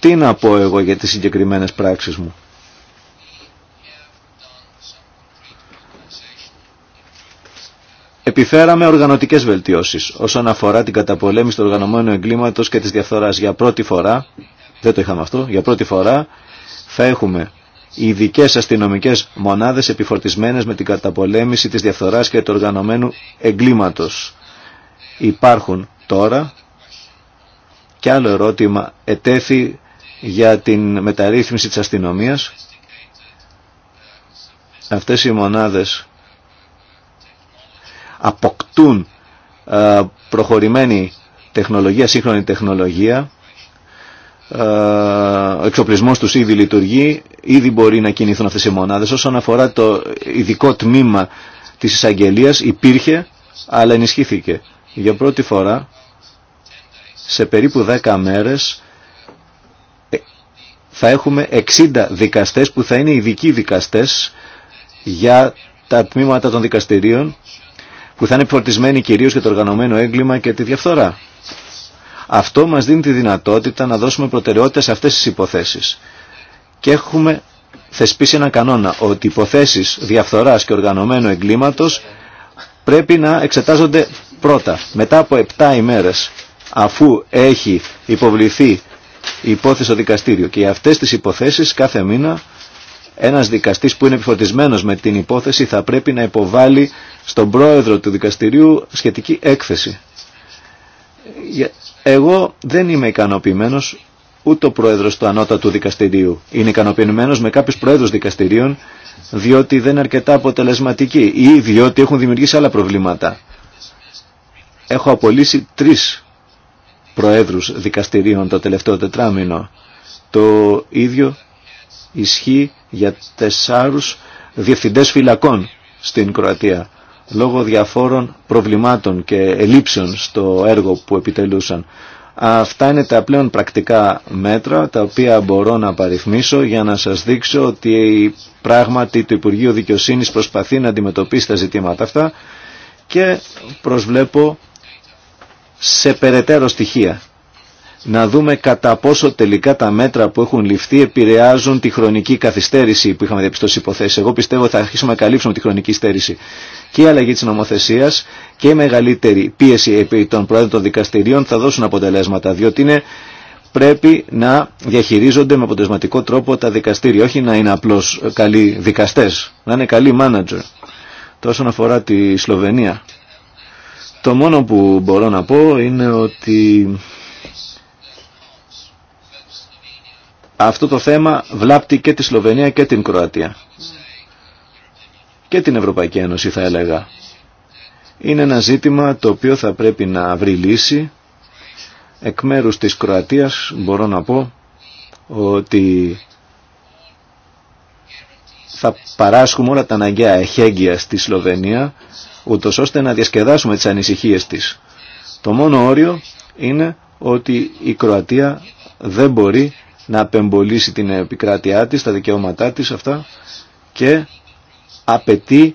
Τι να πω εγώ για τις συγκεκριμένες πράξεις μου. Επιφέραμε οργανωτικές βελτιώσεις όσον αφορά την καταπολέμηση του οργανωμένου εγκλήματος και της διαφθοράς. Για πρώτη φορά, δεν το είχαμε αυτό, για πρώτη φορά θα έχουμε ειδικέ αστυνομικέ μονάδε επιφορτισμένε με την καταπολέμηση τη διαφθοράς και του οργανωμένου εγκλήματος Υπάρχουν τώρα και άλλο ερώτημα ετέθη για την μεταρρύθμιση της αστυνομίας. Αυτές οι μονάδες αποκτούν ε, προχωρημένη τεχνολογία, σύγχρονη τεχνολογία ε, ο εξοπλισμός τους ήδη λειτουργεί, ήδη μπορεί να κινηθούν αυτές οι μονάδες. Όσον αφορά το ειδικό τμήμα της εισαγγελία υπήρχε, αλλά ενισχύθηκε. Για πρώτη φορά, σε περίπου 10 μέρες, ε, θα έχουμε 60 δικαστές που θα είναι ειδικοί δικαστές για τα τμήματα των δικαστηρίων, που θα είναι φορτισμένοι κυρίως για το οργανωμένο έγκλημα και τη διαφθορά. Αυτό μας δίνει τη δυνατότητα να δώσουμε προτεραιότητα σε αυτές τις υποθέσεις. Και έχουμε θεσπίσει ένα κανόνα ότι υποθέσεις διαφθοράς και οργανωμένου εγκλήματος πρέπει να εξετάζονται πρώτα, μετά από 7 ημέρες, αφού έχει υποβληθεί η υπόθεση στο δικαστήριο. Και για αυτές τις υποθέσεις κάθε μήνα ένας δικαστής που είναι επιφορτισμένος με την υπόθεση θα πρέπει να υποβάλει στον πρόεδρο του δικαστηρίου σχετική έκθεση. Ε, εγώ δεν είμαι ικανοποιημένος ούτε ο πρόεδρος του ανώτατου δικαστηρίου είναι ικανοποιημένος με κάποιους πρόεδρους δικαστηρίων διότι δεν είναι αρκετά αποτελεσματικοί ή διότι έχουν δημιουργήσει άλλα προβλήματα. Έχω απολύσει τρεις προέδρους δικαστηρίων το τελευταίο τετράμινο. Το ίδιο ισχύει για τεσσάρους διευθυντές φυλακών στην Κροατία λόγω διαφόρων προβλημάτων και ελλείψεων στο έργο που επιτελούσαν. Αυτά είναι τα πλέον πρακτικά μέτρα τα οποία μπορώ να παριθμίσω για να σας δείξω ότι πράγματι το Υπουργείο Δικαιοσύνης προσπαθεί να αντιμετωπίσει τα ζητήματα αυτά και προσβλέπω σε περαιτέρω στοιχεία να δούμε κατά πόσο τελικά τα μέτρα που έχουν ληφθεί επηρεάζουν τη χρονική καθυστέρηση που είχαμε διαπιστώσει υποθέσει. Εγώ πιστεύω θα αρχίσουμε να καλύψουμε τη χρονική στέρηση. Και η αλλαγή τη νομοθεσία και η μεγαλύτερη πίεση επί των πρόεδρων των δικαστηρίων θα δώσουν αποτελέσματα. Διότι πρέπει να διαχειρίζονται με αποτελεσματικό τρόπο τα δικαστήρια. Όχι να είναι απλώ καλοί δικαστέ, να είναι καλοί manager. Τόσο αφορά τη Σλοβενία. Το μόνο που μπορώ να πω είναι ότι αυτό το θέμα βλάπτει και τη Σλοβενία και την Κροατία. Και την Ευρωπαϊκή Ένωση θα έλεγα. Είναι ένα ζήτημα το οποίο θα πρέπει να βρει λύση. Εκ μέρους της Κροατίας μπορώ να πω ότι θα παράσχουμε όλα τα αναγκαία εχέγγυα στη Σλοβενία ούτω ώστε να διασκεδάσουμε τις ανησυχίες της. Το μόνο όριο είναι ότι η Κροατία δεν μπορεί να απεμπολίσει την επικράτειά της, τα δικαιώματά της αυτά και απαιτεί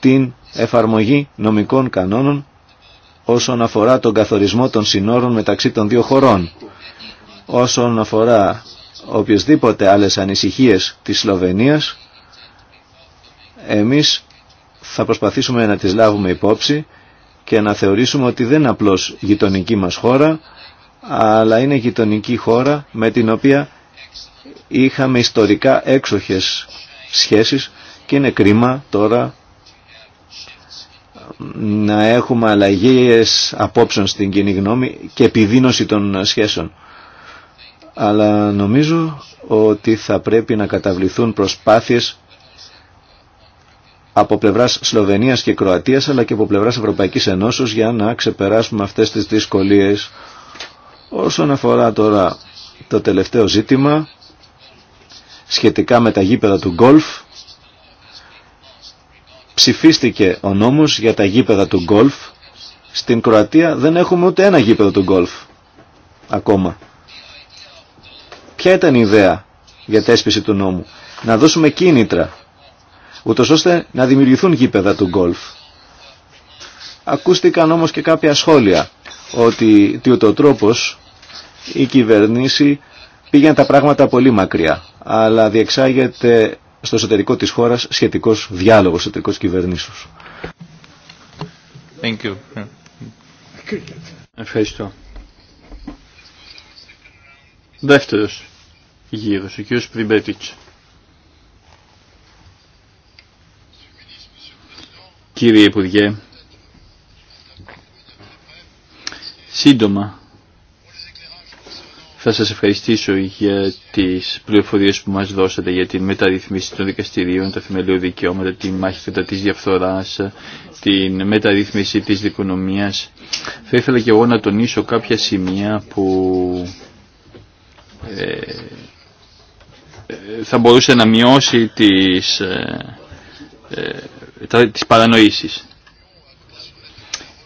την εφαρμογή νομικών κανόνων όσον αφορά τον καθορισμό των συνόρων μεταξύ των δύο χωρών. Όσον αφορά οποιασδήποτε άλλες ανησυχίες της Σλοβενίας, εμείς θα προσπαθήσουμε να τις λάβουμε υπόψη και να θεωρήσουμε ότι δεν είναι απλώς γειτονική μας χώρα, αλλά είναι γειτονική χώρα με την οποία είχαμε ιστορικά έξοχες σχέσεις και είναι κρίμα τώρα να έχουμε αλλαγές απόψεων στην κοινή γνώμη και επιδείνωση των σχέσεων. Αλλά νομίζω ότι θα πρέπει να καταβληθούν προσπάθειες από πλευράς Σλοβενίας και Κροατίας αλλά και από πλευράς Ευρωπαϊκής Ενώσεως για να ξεπεράσουμε αυτές τις δυσκολίες Όσον αφορά τώρα το τελευταίο ζήτημα σχετικά με τα γήπεδα του γκολφ ψηφίστηκε ο νόμος για τα γήπεδα του γκολφ στην Κροατία δεν έχουμε ούτε ένα γήπεδο του γκολφ ακόμα ποια ήταν η ιδέα για τέσπιση του νόμου να δώσουμε κίνητρα ούτω ώστε να δημιουργηθούν γήπεδα του γκολφ ακούστηκαν όμως και κάποια σχόλια ότι ο τρόπος η κυβερνήση πήγαινε τα πράγματα πολύ μακριά, αλλά διεξάγεται στο εσωτερικό της χώρας σχετικός διάλογος εσωτερικός κυβερνήσεως. Thank you. Ευχαριστώ. Δεύτερος γύρος, ο κ. Πριμπέτιτς. Κύριε Υπουργέ, Σύντομα, θα σας ευχαριστήσω για τις πληροφορίες που μας δώσατε για τη μεταρρύθμιση των δικαστηρίων, τα θεμελιώδη δικαιώματα, τη μάχη κατά της διαφθοράς, την μεταρρύθμιση της δικονομίας. Θα ήθελα και εγώ να τονίσω κάποια σημεία που ε, ε, θα μπορούσε να μειώσει τις, ε, ε τις παρανοήσεις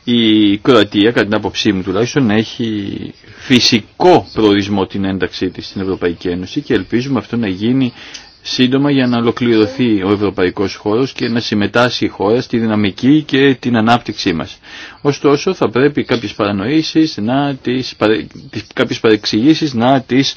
η Κροατία, κατά την άποψή μου τουλάχιστον, έχει φυσικό προορισμό την ένταξή της στην Ευρωπαϊκή Ένωση και ελπίζουμε αυτό να γίνει σύντομα για να ολοκληρωθεί ο ευρωπαϊκός χώρος και να συμμετάσχει η χώρα στη δυναμική και την ανάπτυξή μας. Ωστόσο θα πρέπει κάποιες παρανοήσεις, να τις, κάποιες παρεξηγήσεις να τις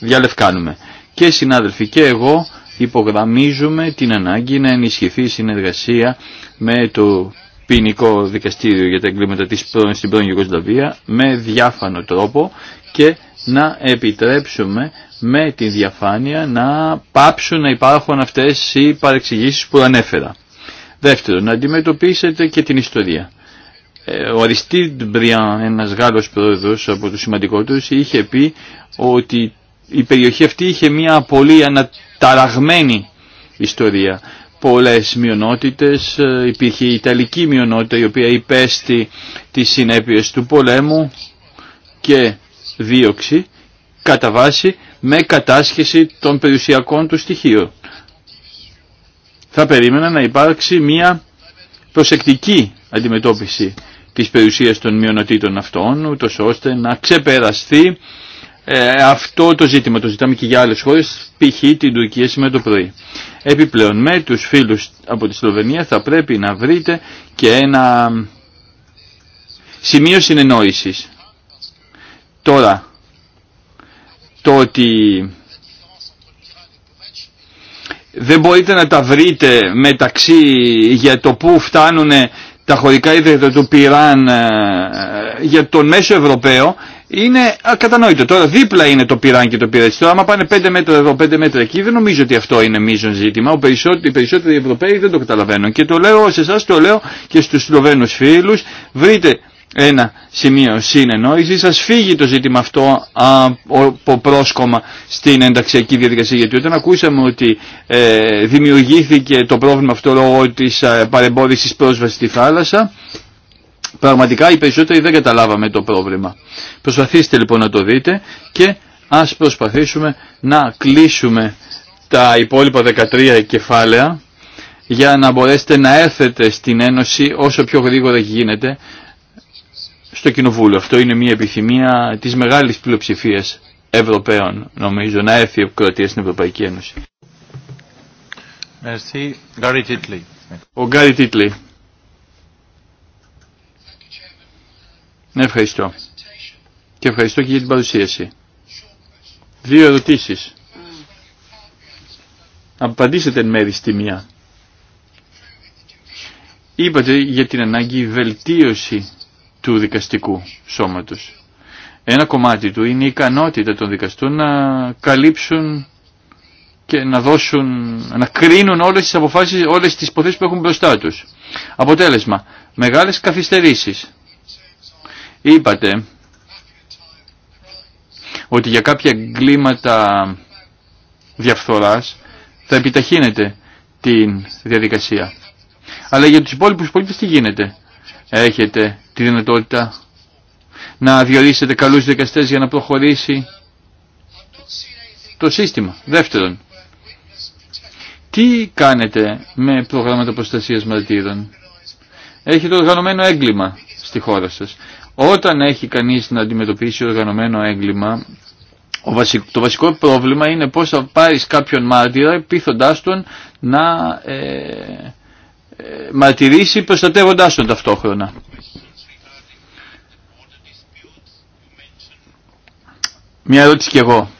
διαλευκάνουμε. Και συνάδελφοι και εγώ υπογραμμίζουμε την ανάγκη να ενισχυθεί η συνεργασία με το ποινικό δικαστήριο για τα εγκλήματα της πρώην, στην πρώην Ιουγκοσλαβία με διάφανο τρόπο και να επιτρέψουμε με τη διαφάνεια να πάψουν να υπάρχουν αυτές οι παρεξηγήσεις που ανέφερα. Δεύτερον, να αντιμετωπίσετε και την ιστορία. Ε, ο Αριστίδ Μπριάν, ένας Γάλλος πρόεδρος από τους σημαντικότερους, είχε πει ότι η περιοχή αυτή είχε μια πολύ αναταραγμένη ιστορία πολλές μειονότητες, ε, υπήρχε η Ιταλική μειονότητα η οποία υπέστη τις συνέπειες του πολέμου και δίωξη κατά βάση με κατάσχεση των περιουσιακών του στοιχείων. Θα περίμενα να υπάρξει μια προσεκτική αντιμετώπιση της περιουσίας των μειονοτήτων αυτών, ούτως ώστε να ξεπεραστεί ε, αυτό το ζήτημα το ζητάμε και για άλλες χώρες, π.χ. την Τουρκία σήμερα το πρωί. Επιπλέον με τους φίλους από τη Σλοβενία θα πρέπει να βρείτε και ένα σημείο συνεννόησης. Τώρα, το ότι δεν μπορείτε να τα βρείτε μεταξύ για το που φτάνουν τα χωρικά ίδρυτα του Πυράν ε, ε, για τον μέσο Ευρωπαίο είναι ακατανόητο. Τώρα δίπλα είναι το πυράν και το πυράκι. Τώρα, άμα πάνε 5 μέτρα εδώ, 5 μέτρα εκεί, δεν νομίζω ότι αυτό είναι μείζον ζήτημα. Ο περισσότερο, οι περισσότεροι Ευρωπαίοι δεν το καταλαβαίνουν. Και το λέω σε εσά, το λέω και στου Σλοβαίνου φίλου. Βρείτε ένα σημείο συνεννόηση, σα φύγει το ζήτημα αυτό από πρόσκομα στην ενταξιακή διαδικασία. Γιατί όταν ακούσαμε ότι ε, δημιουργήθηκε το πρόβλημα αυτό λόγω τη ε, παρεμπόδιση πρόσβαση στη θάλασσα, Πραγματικά οι περισσότεροι δεν καταλάβαμε το πρόβλημα. Προσπαθήστε λοιπόν να το δείτε και ας προσπαθήσουμε να κλείσουμε τα υπόλοιπα 13 κεφάλαια για να μπορέσετε να έρθετε στην Ένωση όσο πιο γρήγορα γίνεται στο Κοινοβούλιο. Αυτό είναι μια επιθυμία της μεγάλης πλειοψηφίας Ευρωπαίων, νομίζω, να έρθει η Κροατία στην Ευρωπαϊκή Ένωση. Ευχαριστώ. Και ευχαριστώ και για την παρουσίαση. Δύο ερωτήσεις. Απαντήσετε εν μέρη στη μία. Είπατε για την ανάγκη βελτίωση του δικαστικού σώματος. Ένα κομμάτι του είναι η ικανότητα των δικαστών να καλύψουν και να δώσουν, να κρίνουν όλες τις αποφάσεις, όλες τις υποθέσεις που έχουν μπροστά τους. Αποτέλεσμα, μεγάλες καθυστερήσεις Είπατε ότι για κάποια εγκλήματα διαφθοράς θα επιταχύνετε την διαδικασία. Αλλά για τους υπόλοιπους πολίτες τι γίνεται. Έχετε τη δυνατότητα να διορίσετε καλούς δικαστές για να προχωρήσει το σύστημα. Δεύτερον, τι κάνετε με προγράμματα προστασίας μαρτύρων. Έχετε οργανωμένο έγκλημα στη χώρα σας. Όταν έχει κανείς να αντιμετωπίσει οργανωμένο έγκλημα, το βασικό πρόβλημα είναι πώς θα πάρεις κάποιον μάρτυρα πείθοντάς τον να ε, ε, μαρτυρήσει προστατεύοντάς τον ταυτόχρονα. Μια ερώτηση κι εγώ.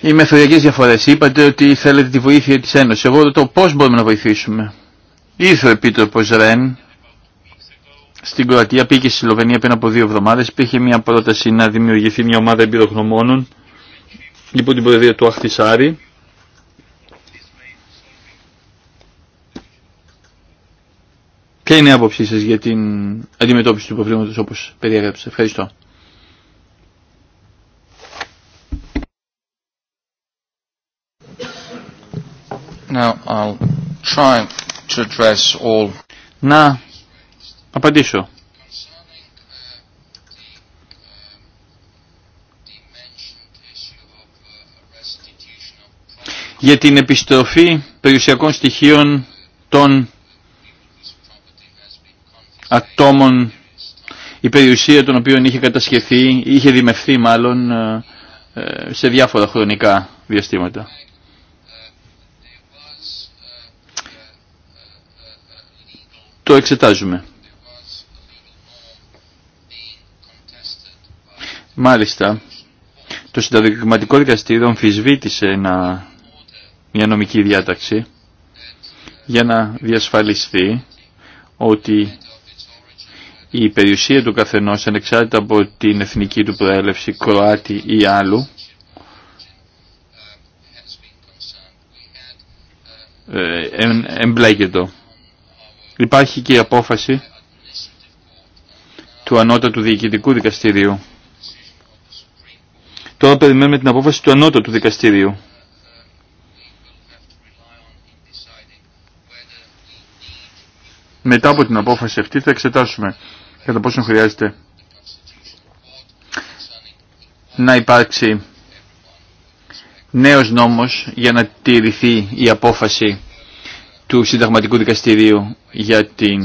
Οι μεθοριακές διαφορές. Είπατε ότι θέλετε τη βοήθεια τη Ένωση. Εγώ ρωτώ πώς μπορούμε να βοηθήσουμε. Ήρθε ο επίτροπος Ρεν στην Κροατία πήγε στη Σλοβενία πριν από δύο εβδομάδε. Υπήρχε μια πρόταση να δημιουργηθεί μια ομάδα εμπειρογνωμόνων υπό την προεδρία του Αχτισάρη. και είναι η άποψή σα για την αντιμετώπιση του προβλήματο όπω περιέγραψε. Ευχαριστώ. Now Να απαντήσω. Για την επιστροφή περιουσιακών στοιχείων των ατόμων η περιουσία των οποίων είχε κατασχεθεί, είχε δημευθεί μάλλον ε, ε, σε διάφορα χρονικά διαστήματα. Το εξετάζουμε. Μάλιστα, το συνταγματικό δικαστήριο αμφισβήτησε ένα, μια νομική διάταξη για να διασφαλιστεί ότι η περιουσία του καθενός ανεξάρτητα από την εθνική του προέλευση, Κροάτη ή άλλου, ε, εμπλέκεται. Υπάρχει και η απόφαση του ανώτατου διοικητικού δικαστηρίου Τώρα περιμένουμε την απόφαση του ανώτατου δικαστηρίου. Μετά από την απόφαση αυτή θα εξετάσουμε κατά πόσο χρειάζεται να υπάρξει νέος νόμος για να τηρηθεί η απόφαση του Συνταγματικού Δικαστηρίου για την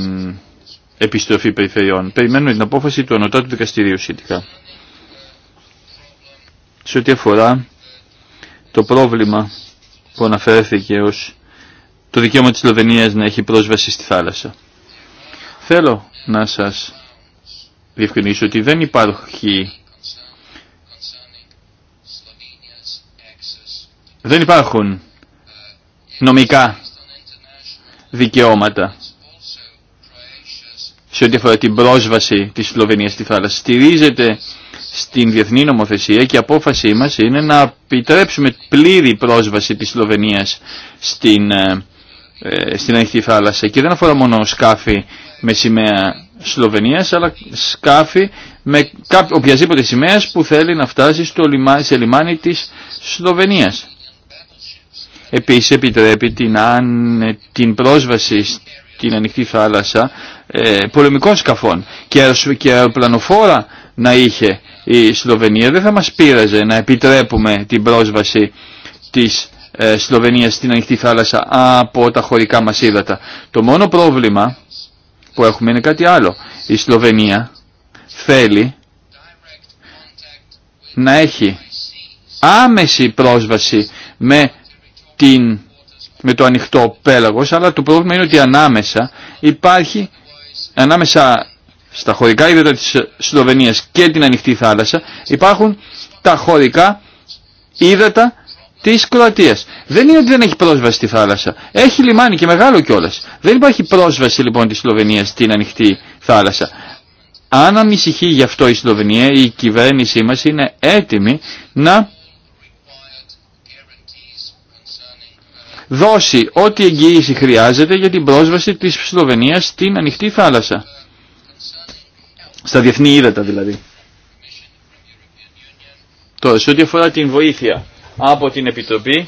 επιστροφή περιφερειών. Περιμένουμε την απόφαση του Ανωτάτου Δικαστηρίου σχετικά σε ό,τι αφορά το πρόβλημα που αναφέρθηκε ως το δικαίωμα της Σλοβενίας να έχει πρόσβαση στη θάλασσα. Θέλω να σας διευκρινίσω ότι δεν υπάρχει δεν υπάρχουν νομικά δικαιώματα σε ό,τι αφορά την πρόσβαση της Σλοβενίας στη θάλασσα. Στηρίζεται στην διεθνή νομοθεσία και η απόφασή μας είναι να επιτρέψουμε πλήρη πρόσβαση της Σλοβενίας στην, ε, ε, στην ανοιχτή θάλασσα και δεν αφορά μόνο σκάφη με σημαία Σλοβενίας αλλά σκάφη με οποιασδήποτε σημαία που θέλει να φτάσει στο λιμάνι, σε λιμάνι της Σλοβενίας. Επίσης επιτρέπει την, την πρόσβαση στην ανοιχτή θάλασσα ε, πολεμικών σκαφών και, αεροπλανοφόρα να είχε η Σλοβενία δεν θα μας πείραζε να επιτρέπουμε την πρόσβαση της ε, Σλοβενίας στην ανοιχτή θάλασσα από τα χωρικά μας ύδατα. Το μόνο πρόβλημα που έχουμε είναι κάτι άλλο. Η Σλοβενία θέλει να έχει άμεση πρόσβαση με, την, το ανοιχτό πέλαγος, αλλά το πρόβλημα είναι ότι ανάμεσα υπάρχει, ανάμεσα στα χωρικά ύδατα της Σλοβενίας και την ανοιχτή θάλασσα υπάρχουν τα χωρικά ύδατα της Κροατίας. Δεν είναι ότι δεν έχει πρόσβαση στη θάλασσα. Έχει λιμάνι και μεγάλο κιόλα. Δεν υπάρχει πρόσβαση λοιπόν της Σλοβενίας στην ανοιχτή θάλασσα. Αν ανησυχεί γι' αυτό η Σλοβενία, η κυβέρνησή μας είναι έτοιμη να δώσει ό,τι εγγύηση χρειάζεται για την πρόσβαση της Σλοβενίας στην ανοιχτή θάλασσα στα διεθνή ύδατα δηλαδή. Τώρα, σε ό,τι αφορά την βοήθεια από την Επιτροπή,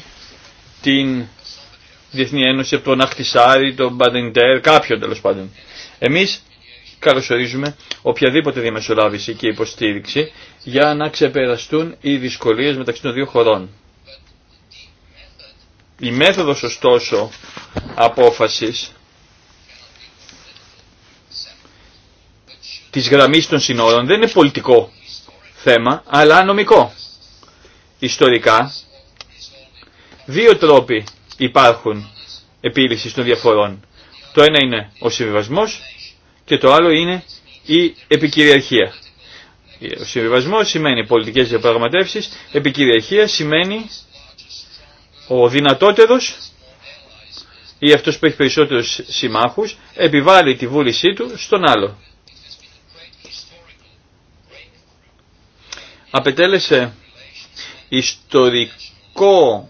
την Διεθνή Ένωση, από τον Αχτισάρη, τον Μπαντεντέρ, κάποιον τέλο πάντων. Εμείς καλωσορίζουμε οποιαδήποτε διαμεσολάβηση και υποστήριξη για να ξεπεραστούν οι δυσκολίες μεταξύ των δύο χωρών. Η μέθοδος ωστόσο απόφασης της γραμμής των συνόρων δεν είναι πολιτικό θέμα, αλλά νομικό. Ιστορικά, δύο τρόποι υπάρχουν επίλυσης των διαφορών. Το ένα είναι ο συμβιβασμός και το άλλο είναι η επικυριαρχία. Ο συμβιβασμός σημαίνει πολιτικές διαπραγματεύσεις, επικυριαρχία σημαίνει ο δυνατότερος ή αυτός που έχει περισσότερους συμμάχους επιβάλλει τη βούλησή του στον άλλο. απετέλεσε ιστορικό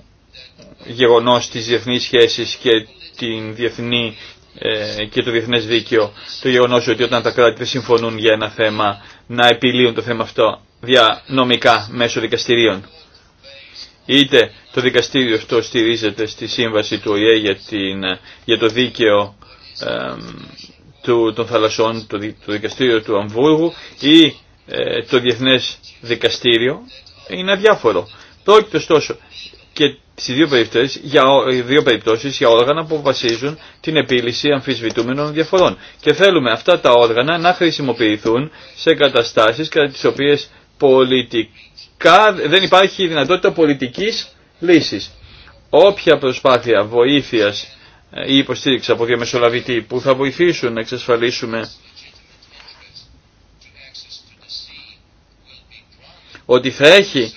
γεγονός της διεθνής σχέσης και, την διεθνή, ε, και το διεθνές δίκαιο το γεγονός ότι όταν τα κράτη δεν συμφωνούν για ένα θέμα να επιλύουν το θέμα αυτό διανομικά μέσω δικαστηρίων. Είτε το δικαστήριο αυτό στηρίζεται στη σύμβαση του ΟΗΕ για, την, για το δίκαιο του, των θαλασσών, το, το δικαστήριο του Αμβούργου ή ε, το Διεθνές Δικαστήριο είναι αδιάφορο. Πρόκειται ωστόσο και στις δύο περιπτώσεις, για, δύο περιπτώσεις για όργανα που βασίζουν την επίλυση αμφισβητούμενων διαφορών. Και θέλουμε αυτά τα όργανα να χρησιμοποιηθούν σε καταστάσεις κατά τις οποίες πολιτικά δεν υπάρχει δυνατότητα πολιτικής λύσης. Όποια προσπάθεια βοήθειας ε, ή υποστήριξη από διαμεσολαβητή που θα βοηθήσουν να εξασφαλίσουμε ότι θα έχει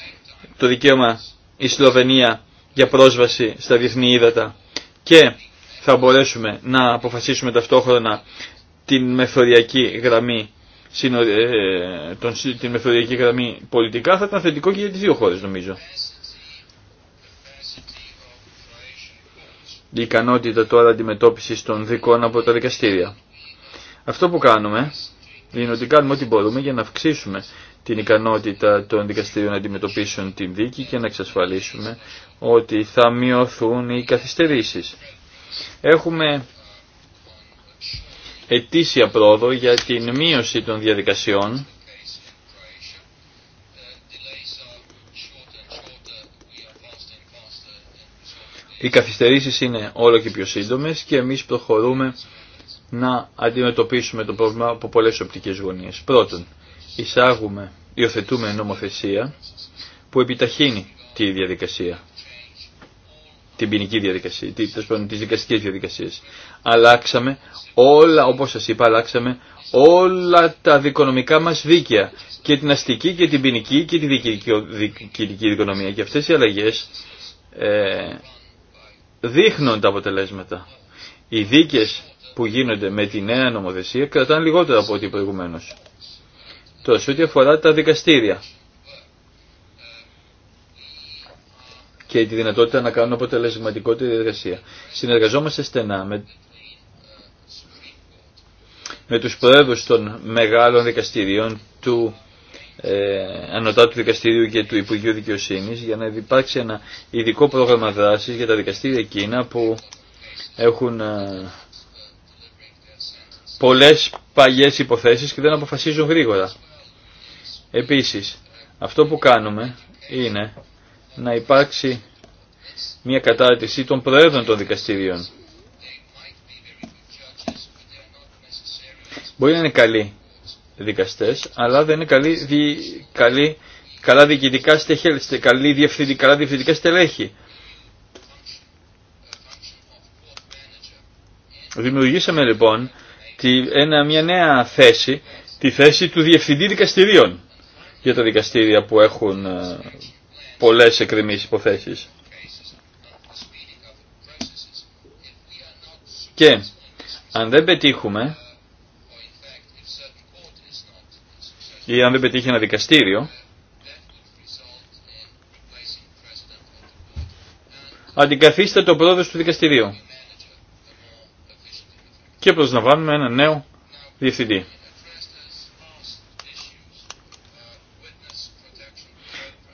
το δικαίωμα η Σλοβενία για πρόσβαση στα διεθνή ύδατα και θα μπορέσουμε να αποφασίσουμε ταυτόχρονα την μεθοριακή γραμμή ε, την μεθοδιακή γραμμή πολιτικά θα ήταν θετικό και για τις δύο χώρες νομίζω. Η ικανότητα τώρα αντιμετώπισης των δικών από τα δικαστήρια. Αυτό που κάνουμε είναι ότι κάνουμε ό,τι μπορούμε για να αυξήσουμε την ικανότητα των δικαστηρίων να αντιμετωπίσουν την δίκη και να εξασφαλίσουμε ότι θα μειωθούν οι καθυστερήσεις. Έχουμε ετήσια πρόοδο για την μείωση των διαδικασιών Οι καθυστερήσεις είναι όλο και πιο σύντομες και εμείς προχωρούμε να αντιμετωπίσουμε το πρόβλημα από πολλές οπτικές γωνίες. Πρώτον, εισάγουμε, υιοθετούμε νομοθεσία που επιταχύνει τη διαδικασία, την ποινική διαδικασία, τις δικαστικέ διαδικασίες. Αλλάξαμε όλα, όπως σας είπα, αλλάξαμε όλα τα δικονομικά μας δίκαια και την αστική και την ποινική και τη διοικητική δικονομία και αυτέ οι αλλαγές ε, δείχνουν τα αποτελέσματα. Οι δίκες που γίνονται με τη νέα νομοθεσία κρατάνε λιγότερο από ό,τι προηγουμένω. Τώρα, σε ό,τι αφορά τα δικαστήρια και τη δυνατότητα να κάνουν αποτελεσματικότερη εργασία. Συνεργαζόμαστε στενά με, με τους προέδρους των μεγάλων δικαστηρίων του ε, Ανωτάτου Δικαστηρίου και του Υπουργείου Δικαιοσύνης για να υπάρξει ένα ειδικό πρόγραμμα δράσης για τα δικαστήρια εκείνα που έχουν ε, πολλές παλιές υποθέσεις και δεν αποφασίζουν γρήγορα. Επίσης, αυτό που κάνουμε είναι να υπάρξει μια κατάρτιση των προέδρων των δικαστηρίων. Μπορεί να είναι καλοί δικαστές, αλλά δεν είναι καλοί, δι, καλά διοικητικά στελέχη, καλή διευθυντικά, καλά διευθυντικά στελέχη. Δημιουργήσαμε λοιπόν τη, ένα, μια νέα θέση, τη θέση του διευθυντή δικαστηρίων για τα δικαστήρια που έχουν ε, πολλές εκκρεμείς υποθέσεις. Και αν δεν πετύχουμε ή αν δεν πετύχει ένα δικαστήριο, αντικαθίστε το πρόεδρο του δικαστηρίου και προσλαμβάνουμε ένα νέο διευθυντή.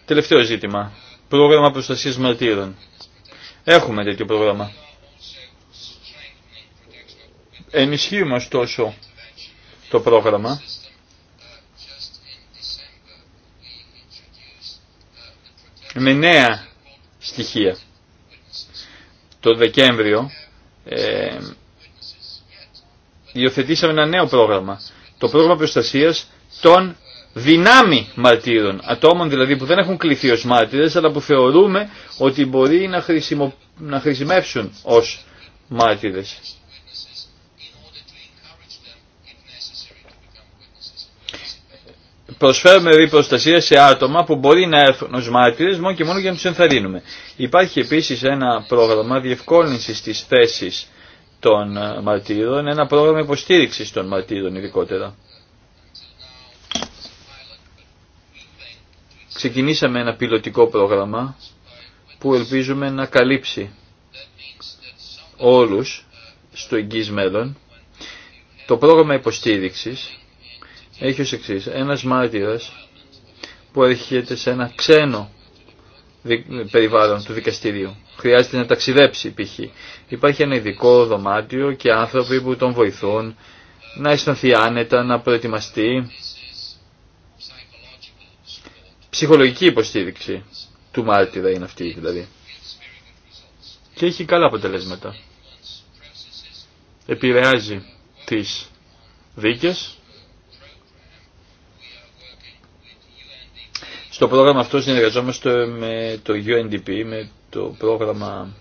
Τελευταίο ζήτημα. Πρόγραμμα προστασία μαρτύρων. Έχουμε τέτοιο πρόγραμμα. Ενισχύουμε ωστόσο το πρόγραμμα με νέα στοιχεία. Το Δεκέμβριο ε, υιοθετήσαμε ένα νέο πρόγραμμα. Το πρόγραμμα προστασίας των δυνάμει μαρτύρων, ατόμων δηλαδή που δεν έχουν κληθεί ως μάρτυρες αλλά που θεωρούμε ότι μπορεί να, χρησιμο... να χρησιμεύσουν ως μάρτυρες. Προσφέρουμε δηλαδή προστασία σε άτομα που μπορεί να έρθουν ως μάρτυρες μόνο και μόνο για να τους ενθαρρύνουμε. Υπάρχει επίσης ένα πρόγραμμα διευκόλυνσης της θέσης των μαρτύρων, ένα πρόγραμμα υποστήριξης των μαρτύρων ειδικότερα. ξεκινήσαμε ένα πιλωτικό πρόγραμμα που ελπίζουμε να καλύψει όλους στο εγγύς μέλλον. Το πρόγραμμα υποστήριξης έχει ως εξής. Ένας μάρτυρας που έρχεται σε ένα ξένο περιβάλλον του δικαστηρίου. Χρειάζεται να ταξιδέψει π.χ. Υπάρχει ένα ειδικό δωμάτιο και άνθρωποι που τον βοηθούν να αισθανθεί άνετα, να προετοιμαστεί, Ψυχολογική υποστήριξη του μάρτυρα είναι αυτή δηλαδή. Και έχει καλά αποτελέσματα. Επηρεάζει τις δίκες. Στο πρόγραμμα αυτό συνεργαζόμαστε με το UNDP, με το πρόγραμμα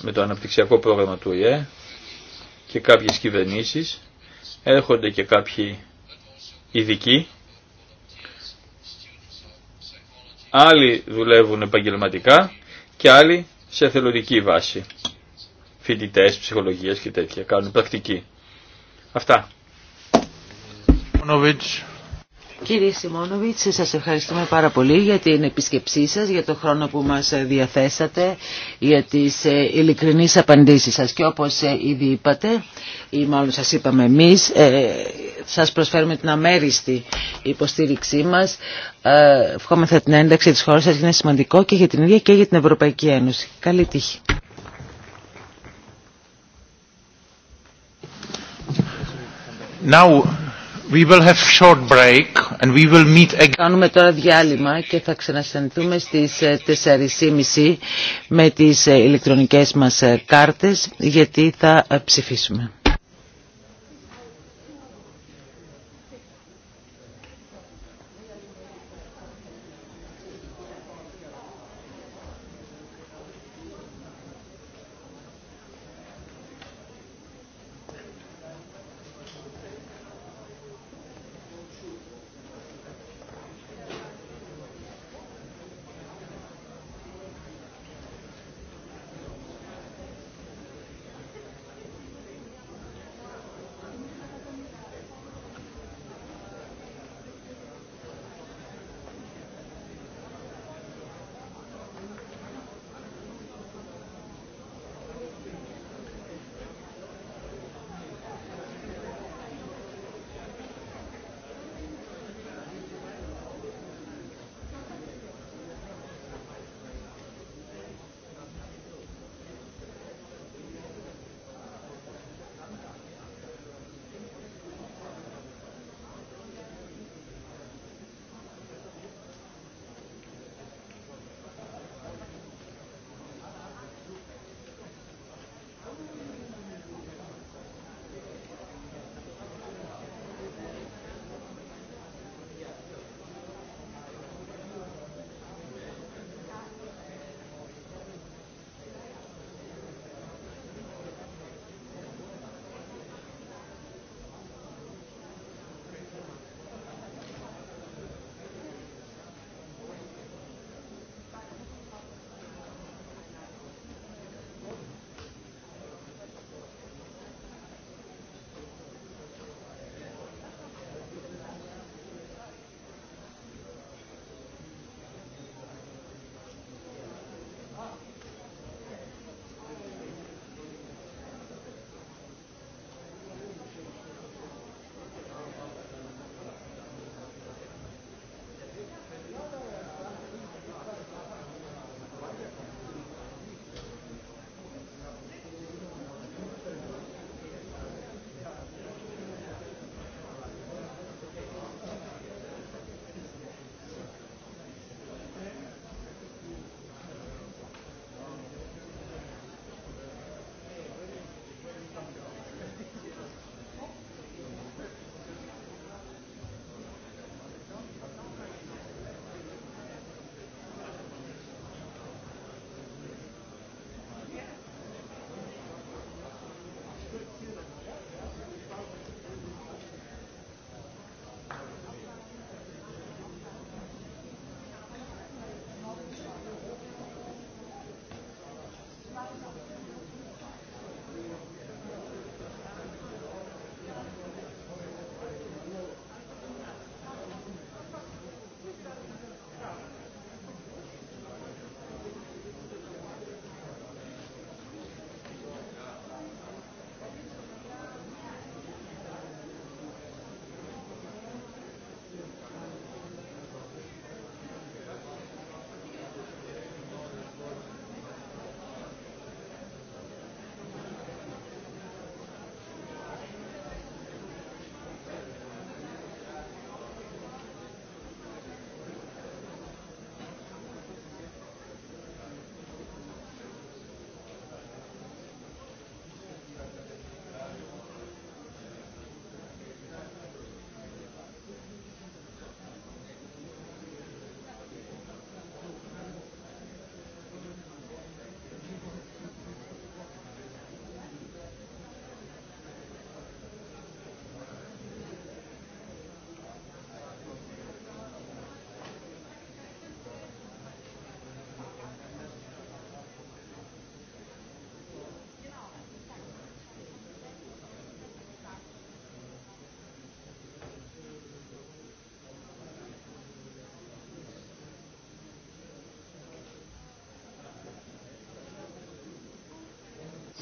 με το αναπτυξιακό πρόγραμμα του ΙΕ και κάποιες κυβερνήσεις έρχονται και κάποιοι ειδικοί άλλοι δουλεύουν επαγγελματικά και άλλοι σε θελοντική βάση. Φοιτητέ, ψυχολογίες και τέτοια, κάνουν πρακτική. Αυτά. Κύριε Σιμόνοβιτς, σας ευχαριστούμε πάρα πολύ για την επισκεψή σας, για το χρόνο που μας διαθέσατε, για τις ε, ειλικρινείς απαντήσεις σας. Και όπως ε, ήδη είπατε, ή μάλλον σας είπαμε εμείς, ε, σας προσφέρουμε την αμέριστη υποστήριξή μας. Ευχόμαστε την ένταξη της χώρας σας, είναι σημαντικό και για την ίδια και για την Ευρωπαϊκή Ένωση. Καλή τύχη. Now, We will have short break and we will meet again. Κάνουμε τώρα διάλειμμα και θα ξανασυνθούμε στις 4.30 ε, με τις ε, ηλεκτρονικές μας ε, κάρτες γιατί θα ψηφίσουμε.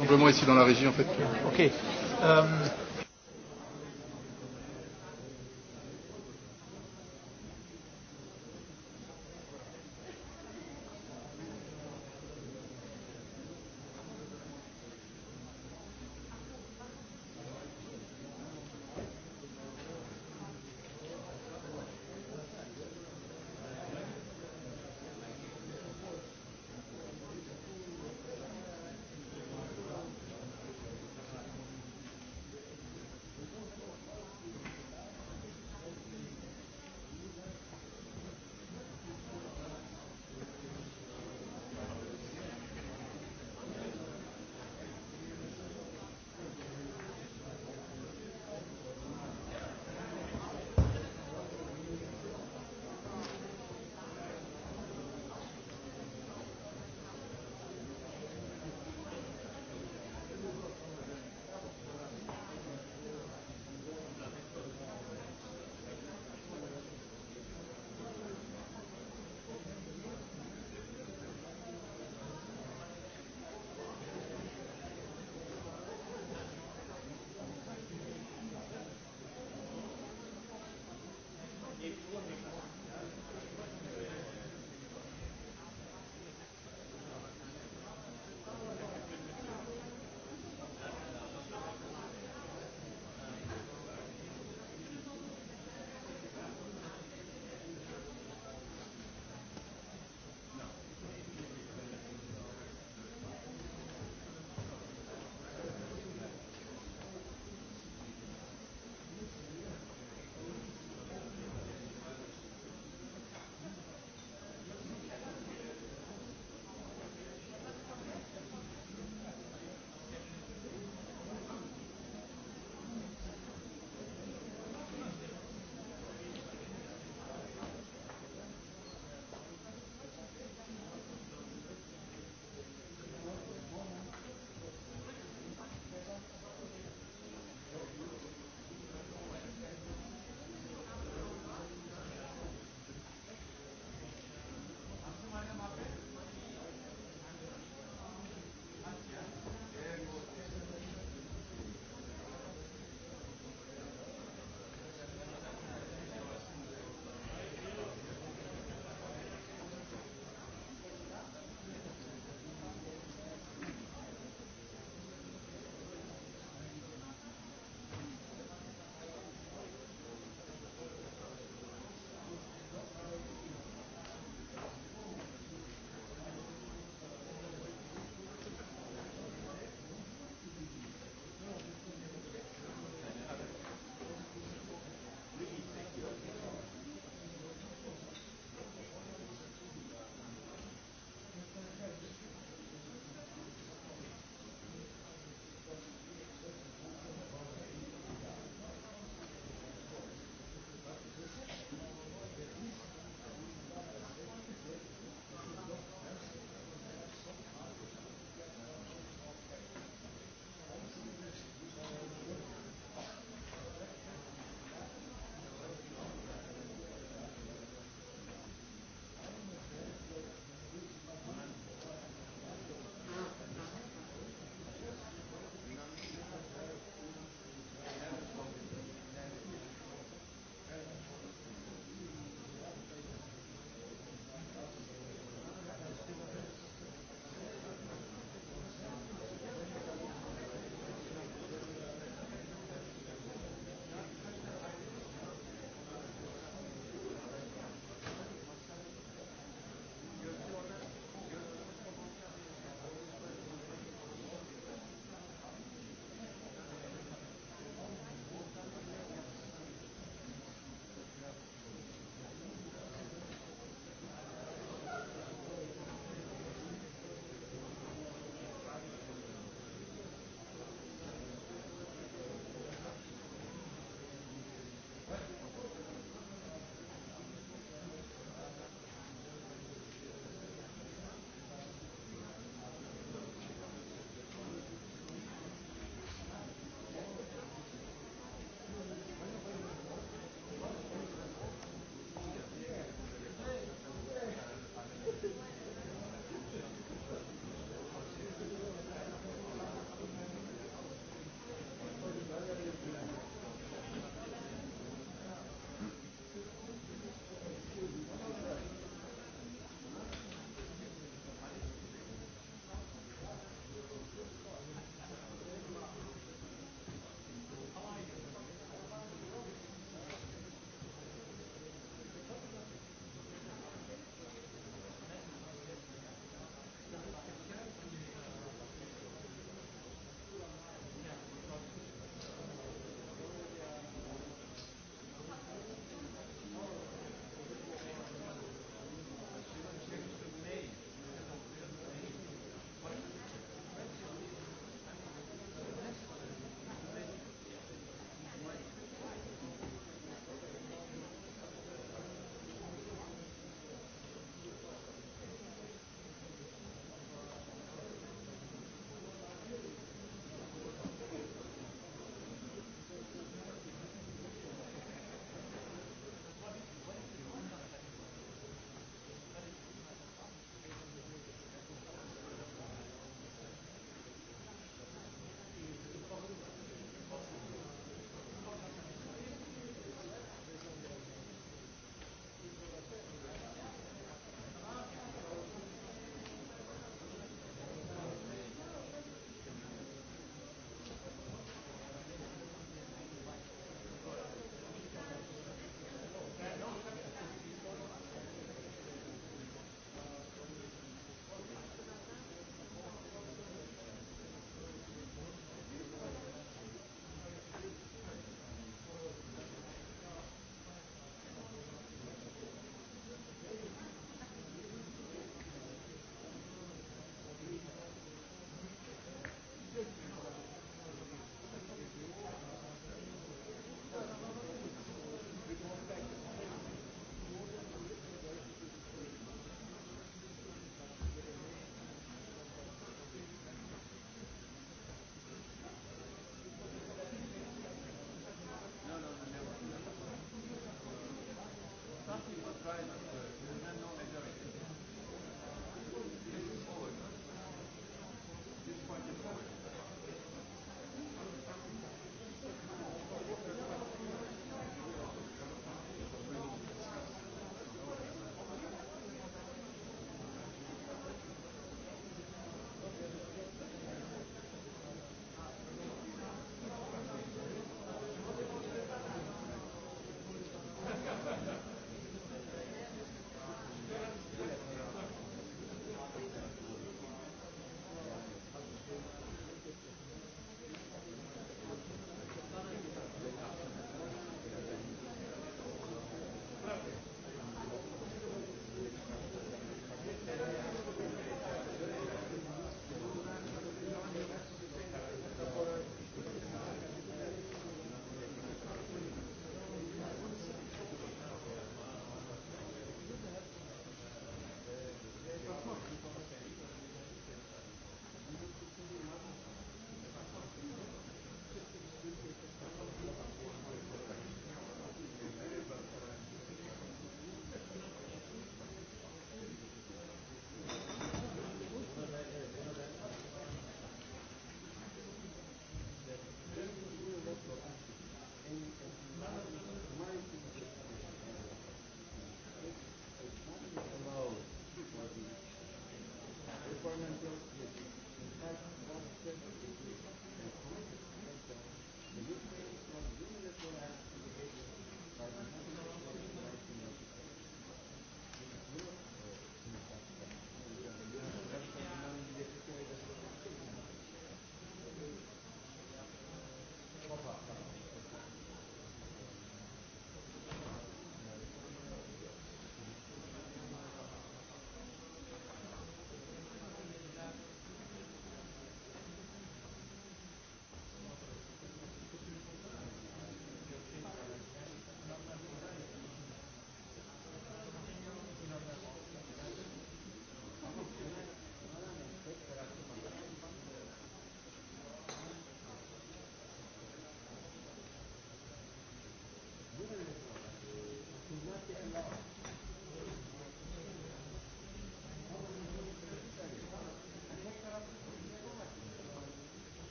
Simplement ici dans la région en fait. Ok. Euh,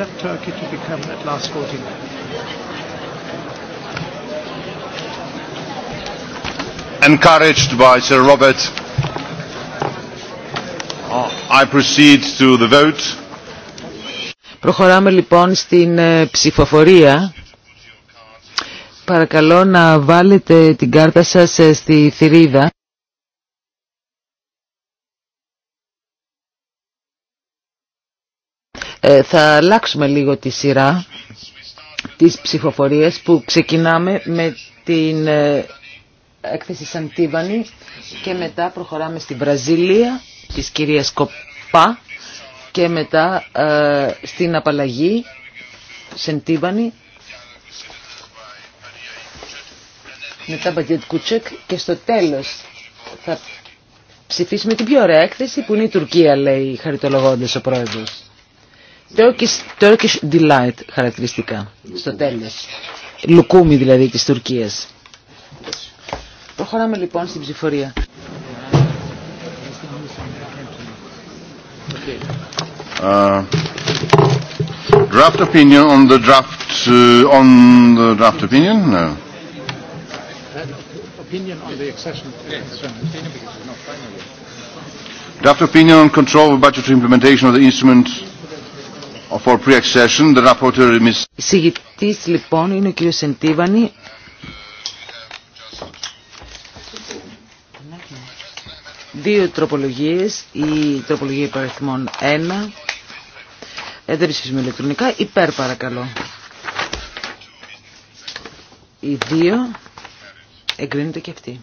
accept Turkey to become at last voting. Encouraged by Sir Robert, I proceed to the vote. Προχωράμε λοιπόν στην ψηφοφορία. Παρακαλώ να βάλετε την κάρτα σας στη θηρίδα. Ε, θα αλλάξουμε λίγο τη σειρά της ψηφοφορίας που ξεκινάμε με την ε, έκθεση Σαντίβανη και μετά προχωράμε στη Βραζίλια της κυρίας Κοπά και μετά ε, στην απαλλαγή Σαντίβανη μετά Μπαγκέτ Κούτσεκ και στο τέλος θα ψηφίσουμε την πιο ωραία έκθεση που είναι η Τουρκία λέει χαριτολογώντας ο πρόεδρος. Turkish, Turkish Delight χαρακτηριστικά στο τέλος. Λουκούμι δηλαδή της Τουρκίας. Προχωράμε λοιπόν στην ψηφορία. Uh, draft opinion on the draft uh, on the draft opinion. No. Opinion on the accession. Draft opinion on control of budgetary implementation of the instrument for pre The rapporteur Συγητής λοιπόν είναι ο κύριος Σεντίβανη. Δύο τροπολογίες, η τροπολογία υπαριθμών 1, ε, δεν ηλεκτρονικά, υπέρ παρακαλώ. Οι δύο εγκρίνεται και αυτή.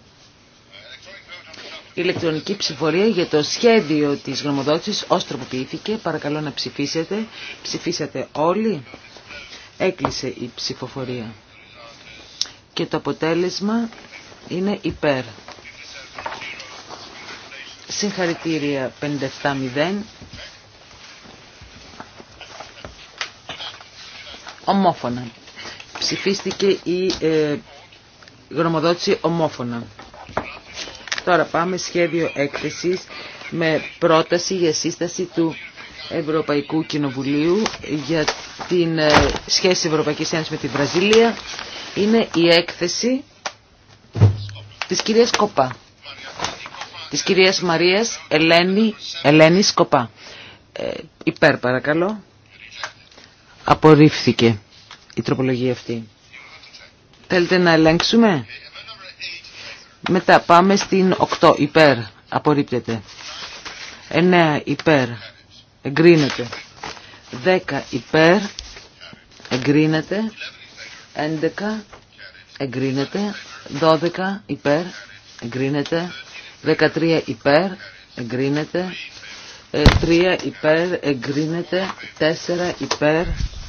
Η ηλεκτρονική ψηφορία για το σχέδιο της γνωμοδότησης ως τροποποιήθηκε. Παρακαλώ να ψηφίσετε. Ψηφίσατε όλοι. Έκλεισε η ψηφοφορία. Και το αποτέλεσμα είναι υπέρ. Συγχαρητήρια 57-0. Ομόφωνα. Ψηφίστηκε η ε, γνωμοδότηση ομόφωνα. Τώρα πάμε σχέδιο έκθεσης με πρόταση για σύσταση του Ευρωπαϊκού Κοινοβουλίου για την ε, σχέση Ευρωπαϊκής Ένωσης με τη Βραζιλία. Είναι η έκθεση της κυρίας Κοπά, της κυρίας Μαρίας Ελένη, Ελένη Σκοπά. Ε, υπέρ παρακαλώ. Απορρίφθηκε η τροπολογία αυτή. Θέλετε να ελέγξουμε. Μετά πάμε στην 8 υπέρ. Απορρίπτεται. 9 υπέρ. Εγκρίνεται. 10 υπέρ. Εγκρίνεται. 11 εγκρίνεται. 12 υπέρ. Εγκρίνεται. 13 υπέρ. Εγκρίνεται. 3 ε, υπέρ. Εγκρίνεται. 4 υπέρ.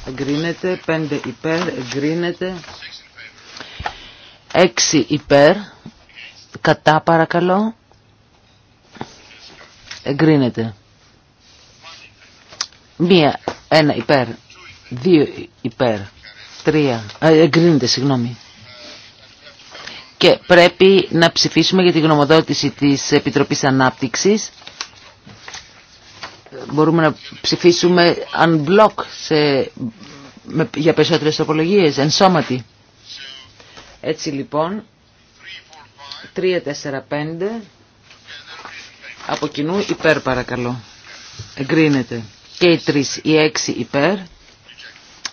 Εγκρίνεται. 5 υπέρ. Εγκρίνεται. 6 υπέρ Κατά παρακαλώ. Εγκρίνεται. Μία, ένα υπέρ, δύο υπέρ, τρία, εγκρίνεται συγγνώμη. Και πρέπει να ψηφίσουμε για τη γνωμοδότηση της Επιτροπής Ανάπτυξης. Μπορούμε να ψηφίσουμε unblock σε, με, για περισσότερες τοπολογίες, σώματι. Έτσι λοιπόν... 3, 4, 5 από κοινού υπέρ παρακαλώ. Εγκρίνεται. Και οι 3, οι 6 υπέρ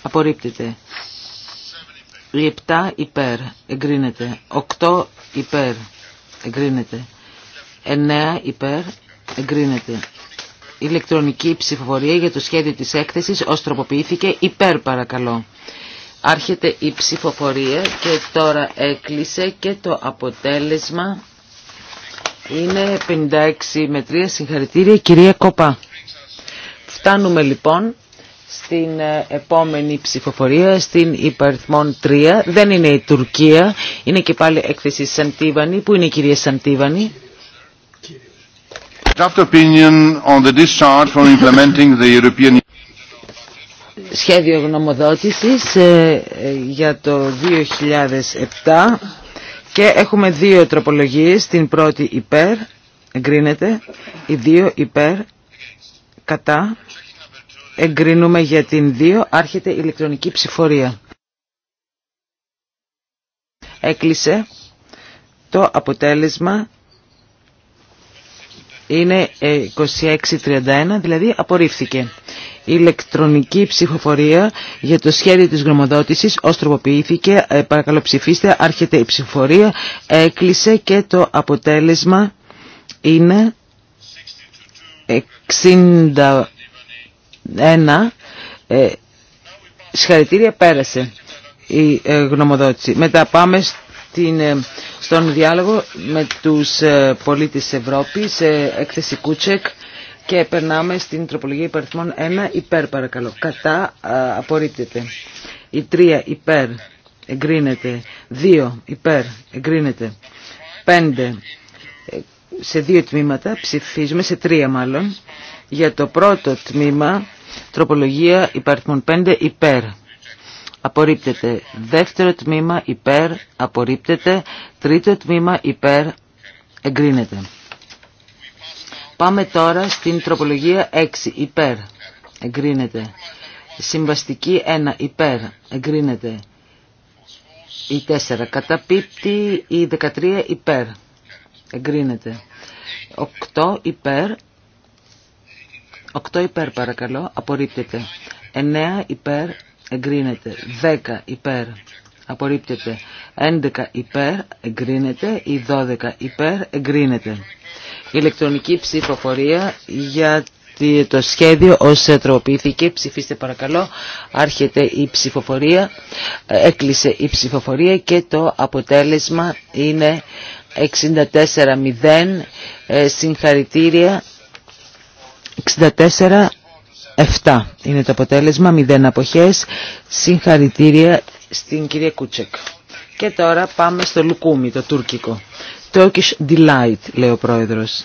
απορρίπτεται. Οι 7 υπέρ εγκρίνεται. 8 υπέρ εγκρίνεται. 9 υπέρ εγκρίνεται. Ηλεκτρονική ψηφοφορία για το σχέδιο της έκθεσης ως τροποποιήθηκε υπέρ παρακαλώ. Άρχεται η ψηφοφορία και τώρα έκλεισε και το αποτέλεσμα είναι 56 με 3 συγχαρητήρια κυρία Κοπά. Φτάνουμε λοιπόν στην ε, επόμενη ψηφοφορία, στην υπαριθμόν 3. Δεν είναι η Τουρκία, είναι και πάλι έκθεση Σαντίβανη. Πού είναι η κυρία Σαντίβανη? Draft σχέδιο γνωμοδότησης ε, ε, για το 2007 και έχουμε δύο τροπολογίες, την πρώτη υπέρ, εγκρίνεται, οι δύο υπέρ, κατά, εγκρίνουμε για την δύο, άρχεται ηλεκτρονική ψηφορία. Έκλεισε το αποτέλεσμα είναι 2631, ε, δηλαδή απορρίφθηκε ηλεκτρονική ψηφοφορία για το σχέδιο της γνωμοδότησης. Ως τροποποιήθηκε, ε, παρακαλώ ψηφίστε, άρχεται η ψηφοφορία, έκλεισε και το αποτέλεσμα είναι 61. Ε, συγχαρητήρια πέρασε η ε, γνωμοδότηση. Μετά πάμε στον διάλογο με τους πολίτες Ευρώπης, έκθεση Κούτσεκ. Και περνάμε στην τροπολογία υπαριθμών 1 υπέρ παρακαλώ. Κατά απορρίπτεται. Η 3 υπέρ εγκρίνεται. 2 υπέρ εγκρίνεται. 5 ε, σε δύο τμήματα ψηφίζουμε, σε τρία μάλλον. Για το πρώτο τμήμα τροπολογία υπαριθμών 5 υπέρ. Απορρίπτεται. Δεύτερο τμήμα υπέρ απορρίπτεται. Τρίτο τμήμα υπέρ εγκρίνεται. Πάμε τώρα στην τροπολογία 6 υπέρ. Εγκρίνεται. Συμβαστική 1 υπέρ. Εγκρίνεται. Η 4 καταπίπτει. Η 13 υπέρ. Εγκρίνεται. 8 υπέρ. 8 υπέρ παρακαλώ. Απορρίπτεται. 9 υπέρ. Εγκρίνεται. 10 υπέρ απορρίπτεται. 11 υπέρ εγκρίνεται, η 12 υπέρ εγκρίνεται. Η ηλεκτρονική ψηφοφορία για το σχέδιο όσο τροποποιήθηκε. Ψηφίστε παρακαλώ. Άρχεται η ψηφοφορία. Ε, έκλεισε η ψηφοφορία και το αποτέλεσμα είναι 64-0. Ε, συγχαρητήρια. 64-7 είναι το αποτέλεσμα. 0 αποχές. Συγχαρητήρια στην κυρία Κούτσεκ. Και τώρα πάμε στο λουκούμι, το τουρκικό. Turkish Delight, λέει ο πρόεδρος.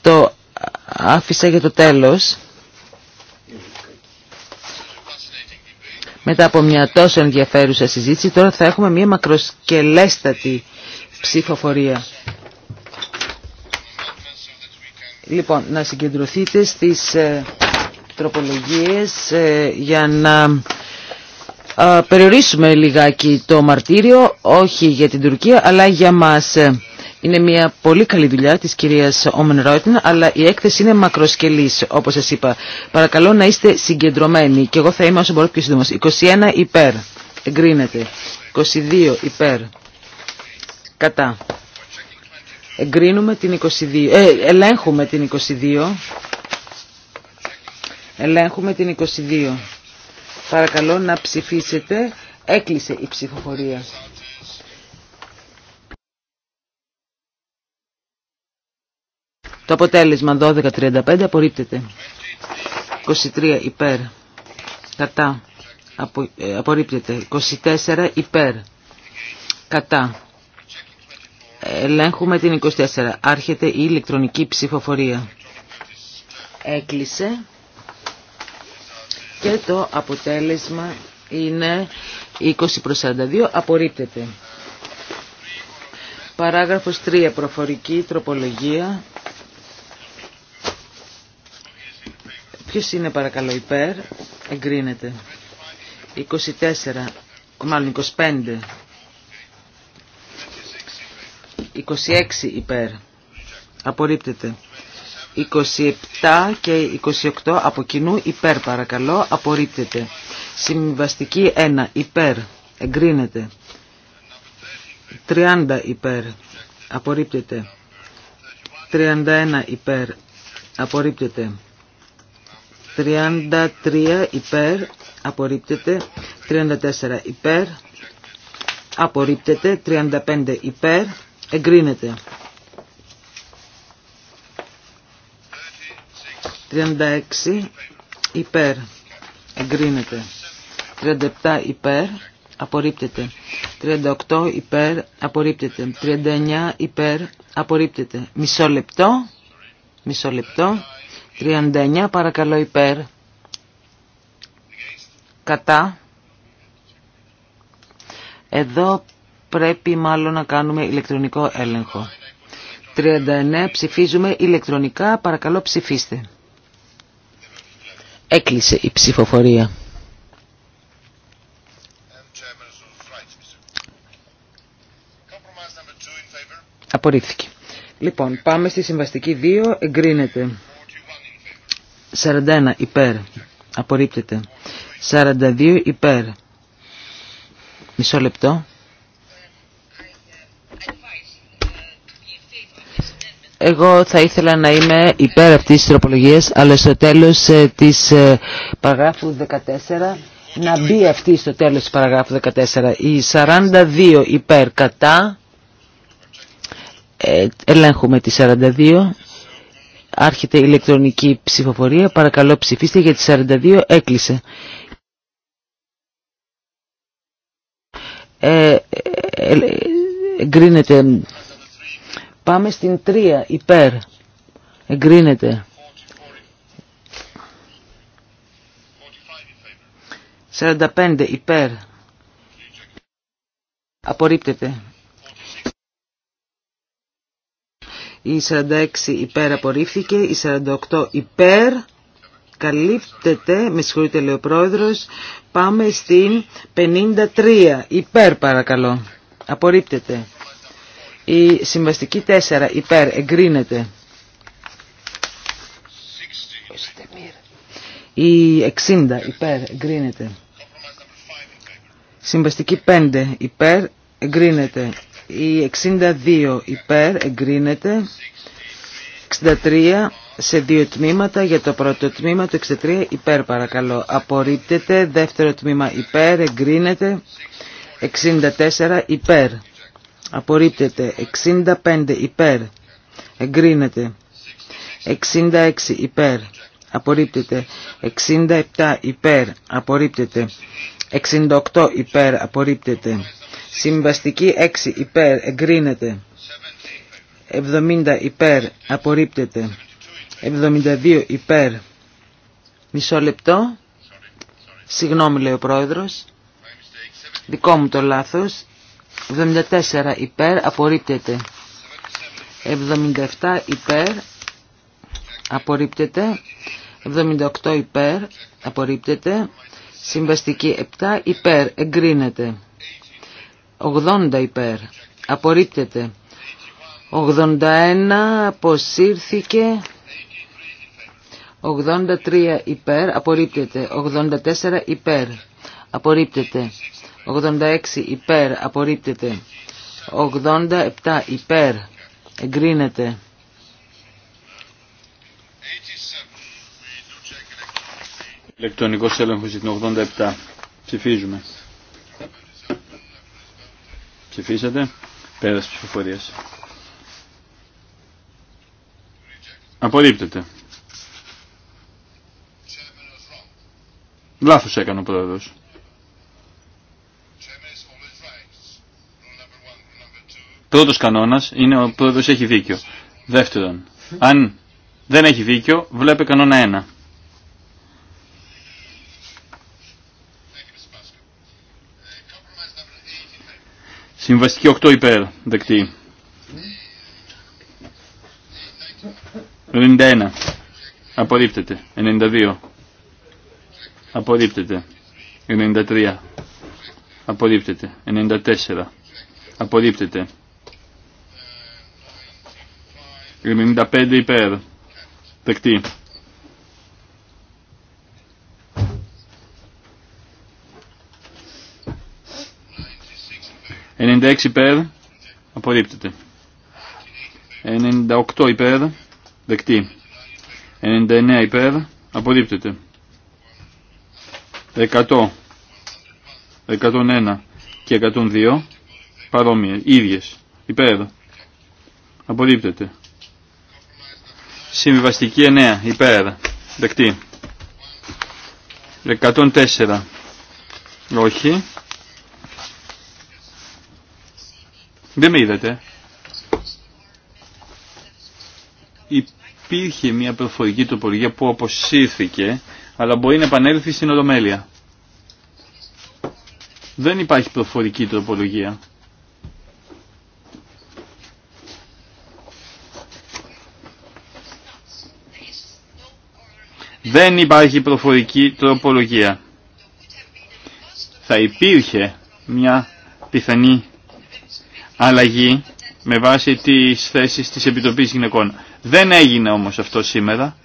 Το άφησα για το τέλος. Μετά από μια τόσο ενδιαφέρουσα συζήτηση, τώρα θα έχουμε μια μακροσκελέστατη ψηφοφορία. Λοιπόν, να συγκεντρωθείτε στις ε, τροπολογίες ε, για να περιορίσουμε λιγάκι το μαρτύριο, όχι για την Τουρκία, αλλά για μας. Είναι μια πολύ καλή δουλειά της κυρίας Όμεν αλλά η έκθεση είναι μακροσκελής, όπως σας είπα. Παρακαλώ να είστε συγκεντρωμένοι και εγώ θα είμαι όσο μπορώ πιο σύντομος. 21 υπέρ, εγκρίνεται. 22 υπέρ, κατά. Εγκρίνουμε την 22, ε, ελέγχουμε την 22. Ελέγχουμε την 22. Παρακαλώ να ψηφίσετε. Έκλεισε η ψηφοφορία. Το αποτέλεσμα 12.35 απορρίπτεται. 23 υπέρ. Κατά. Απο, ε, απορρίπτεται. 24 υπέρ. Κατά. Ελέγχουμε την 24. Άρχεται η ηλεκτρονική ψηφοφορία. Έκλεισε και το αποτέλεσμα είναι 20 προς 42 απορρίπτεται. Παράγραφος 3. Προφορική τροπολογία. Ποιος είναι παρακαλώ υπέρ. Εγκρίνεται. 24, μάλλον 25. 26 υπέρ. Απορρίπτεται. 27 και 28 από κοινού υπέρ παρακαλώ απορρίπτεται. Συμβαστική 1 υπέρ εγκρίνεται. 30 υπέρ απορρίπτεται. 31 υπέρ απορρίπτεται. 33 υπέρ απορρίπτεται. 34 υπέρ απορρίπτεται. 35 υπέρ εγκρίνεται. 36 υπέρ εγκρίνεται. 37 υπέρ απορρίπτεται. 38 υπέρ απορρίπτεται. 39 υπέρ απορρίπτεται. Μισό λεπτό. Μισό λεπτό. 39 παρακαλώ υπέρ. Κατά. Εδώ πρέπει μάλλον να κάνουμε ηλεκτρονικό έλεγχο. 39 ψηφίζουμε ηλεκτρονικά. Παρακαλώ ψηφίστε. Έκλεισε η ψηφοφορία. Απορρίφθηκε. Λοιπόν, πάμε στη συμβαστική 2. Εγκρίνεται. 41 υπέρ. Απορρίπτεται. 42 υπέρ. Μισό λεπτό. Εγώ θα ήθελα να είμαι υπέρ αυτής της τροπολογίας, αλλά στο τέλος της παραγράφου 14 να μπει αυτή στο τέλος της παραγράφου 14. Η 42 υπέρ κατά, ελέγχουμε τη 42, άρχεται ηλεκτρονική ψηφοφορία, παρακαλώ ψηφίστε για τη 42, έκλεισε. Ε, Πάμε στην 3 υπέρ. Εγκρίνεται. 45 υπέρ. Απορρίπτεται. Η 46 υπέρ απορρίφθηκε. Η 48 υπέρ. Καλύπτεται. Με συγχωρείτε λέει ο πρόεδρος. Πάμε στην 53 υπέρ παρακαλώ. Απορρίπτεται. Η συμβαστική 4 υπέρ εγκρίνεται. Η 60 υπέρ εγκρίνεται. Συμβαστική 5 υπέρ εγκρίνεται. Η 62 υπέρ εγκρίνεται. 63 σε δύο τμήματα για το πρώτο τμήμα το 63 υπέρ παρακαλώ. Απορρίπτεται. Δεύτερο τμήμα υπέρ εγκρίνεται. 64 υπέρ απορρίπτεται 65 υπέρ εγκρίνεται 66 υπέρ απορρίπτεται 67 υπέρ απορρίπτεται 68 υπέρ απορρίπτεται συμβαστική 6 υπέρ εγκρίνεται 70 υπέρ απορρίπτεται 72 υπέρ μισό λεπτό συγγνώμη λέει ο πρόεδρος δικό μου το λάθος 74 υπέρ απορρίπτεται. 77 υπέρ απορρίπτεται. 78 υπέρ απορρίπτεται. Συμβαστική 7 υπέρ εγκρίνεται. 80 υπέρ απορρίπτεται. 81 αποσύρθηκε. 83 υπέρ απορρίπτεται. 84 υπέρ απορρίπτεται. 86 υπέρ απορρίπτεται. 87 υπέρ εγκρίνεται. 87. Ηλεκτρονικός έλεγχος για την 87. Ψηφίζουμε. Ψηφίσατε. Πέρας ψηφοφορίας. Απορρίπτεται. Λάθος έκανε ο πρόεδρος. πρώτο κανόνα είναι ο πρώτο έχει δίκιο. Δεύτερον, αν δεν έχει δίκιο, βλέπε κανόνα 1. Συμβαστική 8 υπέρ, δεκτή. 91. Απορρίπτεται. 92. Απορρίπτεται. 93. Απορρίπτεται. 94. Απορρίπτεται. 95 υπέρ. Δεκτή. 96 υπέρ. Απορρίπτεται. 98 υπέρ. Δεκτή. 99 υπέρ. Απορρίπτεται. 100. 101 και 102 παρόμοιες, ίδιες, υπέρ, απορρίπτεται. Συμβιβαστική 9. Υπέρ. Δεκτή. 104. Όχι. Δεν με είδατε. Υπήρχε μια προφορική τοπολογία που αποσύρθηκε, αλλά μπορεί να επανέλθει στην Ολομέλεια. Δεν υπάρχει προφορική τοπολογία. Δεν υπάρχει προφορική τροπολογία. Θα υπήρχε μια πιθανή αλλαγή με βάση τις θέσεις της Επιτροπής Γυναικών. Δεν έγινε όμως αυτό σήμερα.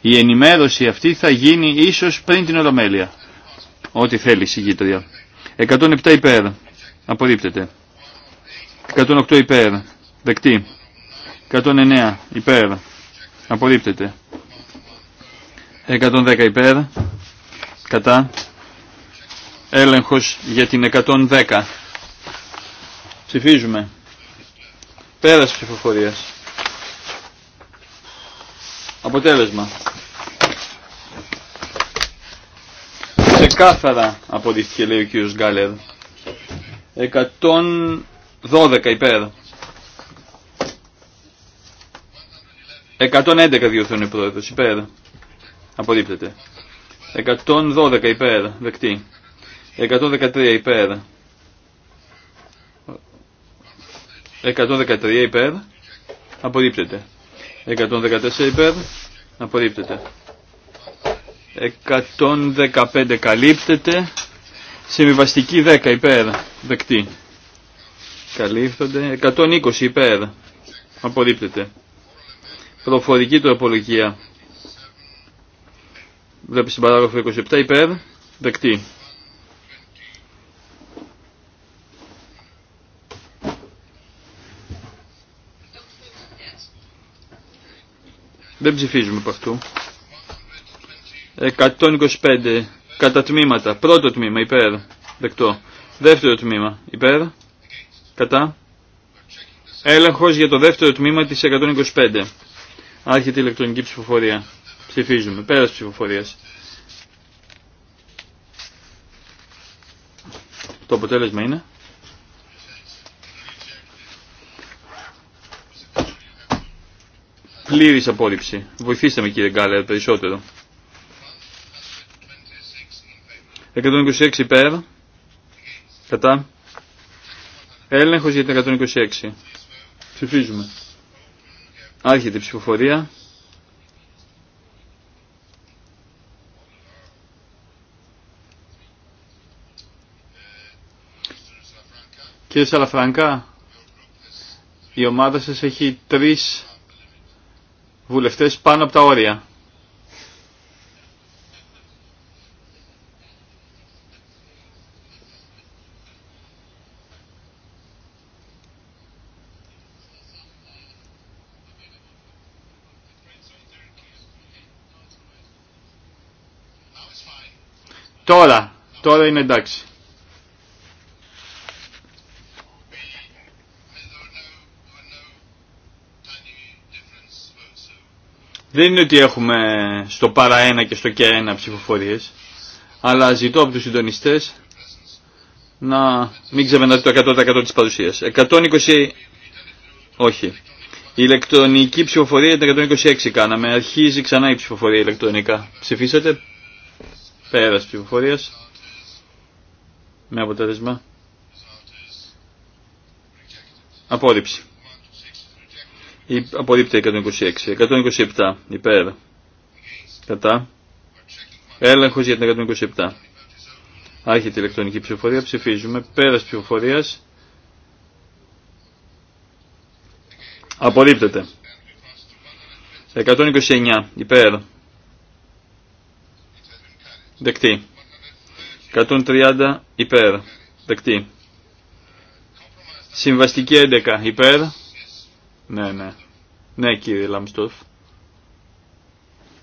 Η ενημέρωση αυτή θα γίνει ίσως πριν την Ολομέλεια. Ό,τι θέλει η συγκήτρια. 107 υπέρ. Απορρίπτεται. 108 υπέρ. Δεκτή. 109 υπέρ. Απορρίπτεται. 110 υπέρ, κατά, έλεγχος για την 110. Ψηφίζουμε. Πέρας ψηφοφορίας. Αποτέλεσμα. κάθαρα αποδείχθηκε λέει ο κύριος Γκάλερ. 112 υπέρ. 111 διορθώνει ο πρόεδρος υπέρ. Απορρίπτεται. 112 υπέρ. Δεκτή. 113 υπέρ. 113 υπέρ. Απορρίπτεται. 114 υπέρ. Απορρίπτεται. 115 καλύπτεται. Συμβιβαστική 10 υπέρ. Δεκτή. Καλύπτονται. 120 υπέρ. Απορρίπτεται. Προφορική τροπολογία Βλέπει την παράγραφο 27 υπέρ. Δεκτή. Δεν ψηφίζουμε από αυτού. 125 κατά τμήματα. Πρώτο τμήμα υπέρ. Δεκτό. Δεύτερο τμήμα υπέρ. Κατά. Έλεγχος για το δεύτερο τμήμα της 125. Άρχεται η ηλεκτρονική ψηφοφορία. Ψηφίζουμε. Πέρας ψηφοφορίας. Το αποτέλεσμα είναι. Πλήρης απόρριψη. Βοηθήστε με κύριε Γκάλερ περισσότερο. 126 υπέρ. Κατά. Έλεγχος για την 126. Ψηφίζουμε. Άρχεται η ψηφοφορία. Κύριε Σαλαφραγκά, η ομάδα σας έχει τρεις βουλευτές πάνω από τα όρια. Τώρα, τώρα είναι εντάξει. Δεν είναι ότι έχουμε στο παρά ένα και στο και ένα ψηφοφορίες, αλλά ζητώ από τους συντονιστές να μην ξεπερνάτε το 100% της παρουσίας. 120, όχι. Η ηλεκτρονική ψηφοφορία ήταν 126 κάναμε. Αρχίζει ξανά η ψηφοφορία ηλεκτρονικά. Ψηφίσατε. Πέρας ψηφοφορίας. Με αποτέλεσμα. Απόρριψη. Απορρίπτεται 126. 127 υπέρ. Κατά. Έλεγχος για την 127. Άρχεται η ηλεκτρονική ψηφοφορία. Ψηφίζουμε. Πέρα ψηφοφορία Απορρίπτεται. 129 υπέρ. Δεκτή. 130 υπέρ. Δεκτή. Συμβαστική 11 υπέρ ναι, ναι. Ναι, κύριε Λαμστόφ.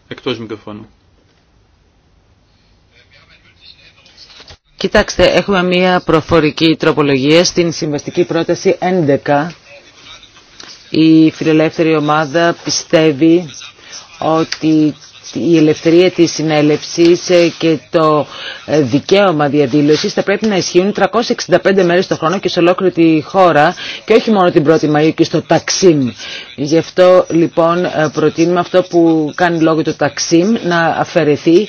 Εκτός μικροφώνου. Κοιτάξτε, έχουμε μία προφορική τροπολογία στην συμβαστική πρόταση 11. Η φιλελεύθερη ομάδα πιστεύει ότι η ελευθερία της συνέλευσης ε, και το ε, δικαίωμα διαδήλωσης θα πρέπει να ισχύουν 365 μέρες το χρόνο και σε ολόκληρη τη χώρα και όχι μόνο την 1η Μαΐου και στο Ταξίμ. Γι' αυτό λοιπόν ε, προτείνουμε αυτό που κάνει λόγο το Ταξίμ να αφαιρεθεί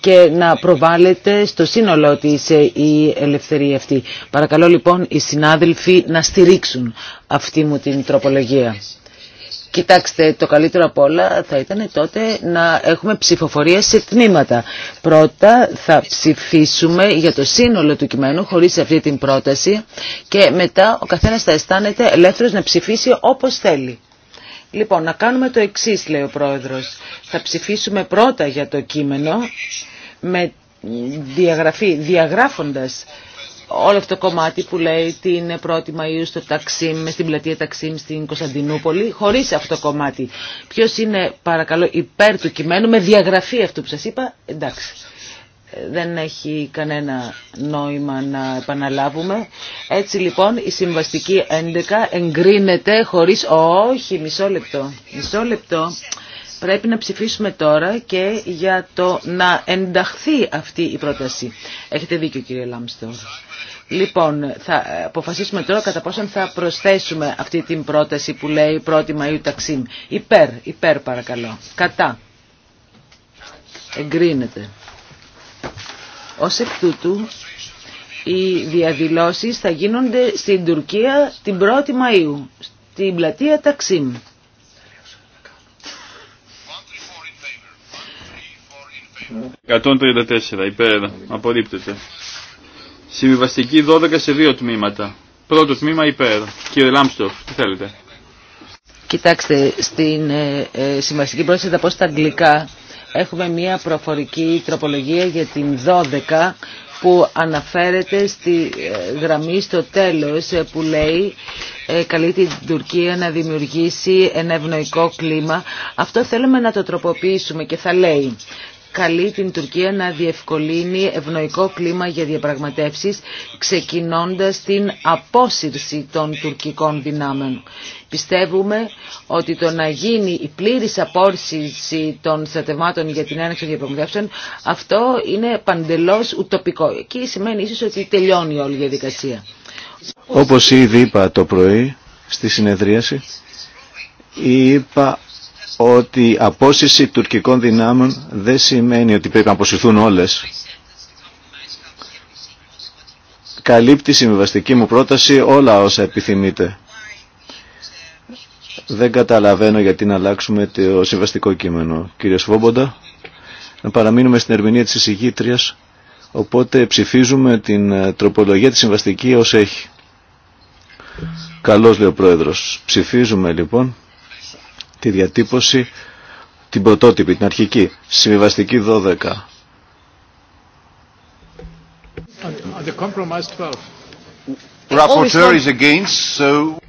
και να προβάλλεται στο σύνολό είσαι η ελευθερία αυτή. Παρακαλώ λοιπόν οι συνάδελφοι να στηρίξουν αυτή μου την τροπολογία. Κοιτάξτε, το καλύτερο από όλα θα ήταν τότε να έχουμε ψηφοφορία σε τμήματα. Πρώτα θα ψηφίσουμε για το σύνολο του κειμένου χωρίς αυτή την πρόταση και μετά ο καθένας θα αισθάνεται ελεύθερος να ψηφίσει όπως θέλει. Λοιπόν, να κάνουμε το εξή, λέει ο Πρόεδρος. Θα ψηφίσουμε πρώτα για το κείμενο με διαγραφή, διαγράφοντας όλο αυτό το κομμάτι που λέει την 1η Μαΐου στο Ταξίμ, στην πλατεία Ταξίμ στην Κωνσταντινούπολη, χωρίς αυτό το κομμάτι. Ποιος είναι παρακαλώ υπέρ του κειμένου με διαγραφή αυτού που σας είπα, εντάξει. Ε, δεν έχει κανένα νόημα να επαναλάβουμε. Έτσι λοιπόν η συμβαστική 11 εγκρίνεται χωρίς... Όχι, μισό λεπτό, μισό λεπτό πρέπει να ψηφίσουμε τώρα και για το να ενταχθεί αυτή η πρόταση. Έχετε δίκιο κύριε Λάμστορ. Λοιπόν, θα αποφασίσουμε τώρα κατά πόσο θα προσθέσουμε αυτή την πρόταση που λέει 1η Μαΐου Ταξίμ. Υπέρ, υπέρ παρακαλώ. Κατά. Εγκρίνεται. Ως εκ τούτου, οι διαδηλώσεις θα γίνονται στην Τουρκία την 1η Μαΐου, στην πλατεία Ταξίμ. 134 υπέρ απορρίπτεται. Συμβιβαστική 12 σε δύο τμήματα. Πρώτο τμήμα υπέρ. Κύριε Λάμπστοφ, τι θέλετε. Κοιτάξτε, στην ε, ε, συμβαστική πρόσθεση θα πω στα αγγλικά. Έχουμε μια προφορική τροπολογία για την 12 που αναφέρεται στη ε, γραμμή στο τέλος που λέει καλεί την Τουρκία να δημιουργήσει ένα ευνοϊκό κλίμα. Αυτό θέλουμε να το τροποποιήσουμε και θα λέει καλεί την Τουρκία να διευκολύνει ευνοϊκό κλίμα για διαπραγματεύσεις ξεκινώντας την απόσυρση των τουρκικών δυνάμεων. Πιστεύουμε ότι το να γίνει η πλήρης απόρριση των στρατευμάτων για την έναρξη των διαπραγματεύσεων αυτό είναι παντελώς ουτοπικό. Εκεί σημαίνει ίσως ότι τελειώνει όλη η διαδικασία. Όπως ήδη είπα το πρωί στη συνεδρίαση, είπα ότι η απόσυση τουρκικών δυνάμεων δεν σημαίνει ότι πρέπει να αποσυρθούν όλες. Καλύπτει η συμβιβαστική μου πρόταση όλα όσα επιθυμείτε. Δεν καταλαβαίνω γιατί να αλλάξουμε το συμβαστικό κείμενο. Κύριε Σβόμποντα, να παραμείνουμε στην ερμηνεία της εισηγήτριας, οπότε ψηφίζουμε την ε, τροπολογία της συμβαστική ως έχει. Καλώς λέει ο Πρόεδρος. Ψηφίζουμε λοιπόν τη διατύπωση, την πρωτότυπη, την αρχική, συμβιβαστική 12.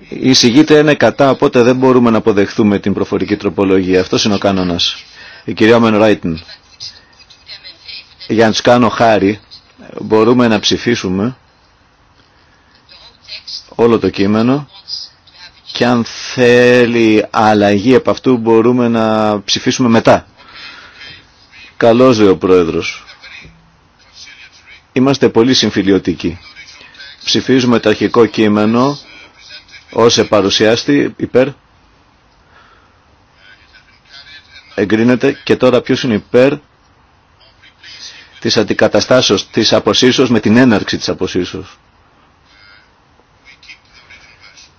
εισηγείται είναι κατά, οπότε δεν μπορούμε να αποδεχθούμε την προφορική τροπολογία. Αυτό είναι ο κανόνα. Η κυρία Μεν Ράιτν. Για να του κάνω χάρη, μπορούμε να ψηφίσουμε όλο το κείμενο και αν θέλει αλλαγή από αυτού μπορούμε να ψηφίσουμε μετά. Καλώς λέει ο Πρόεδρος. Είμαστε πολύ συμφιλιωτικοί. Ψηφίζουμε το αρχικό κείμενο ως παρουσιάστη υπέρ. Εγκρίνεται και τώρα ποιος είναι υπέρ της αντικαταστάσεως της αποσύσεως με την έναρξη της αποσύσεως.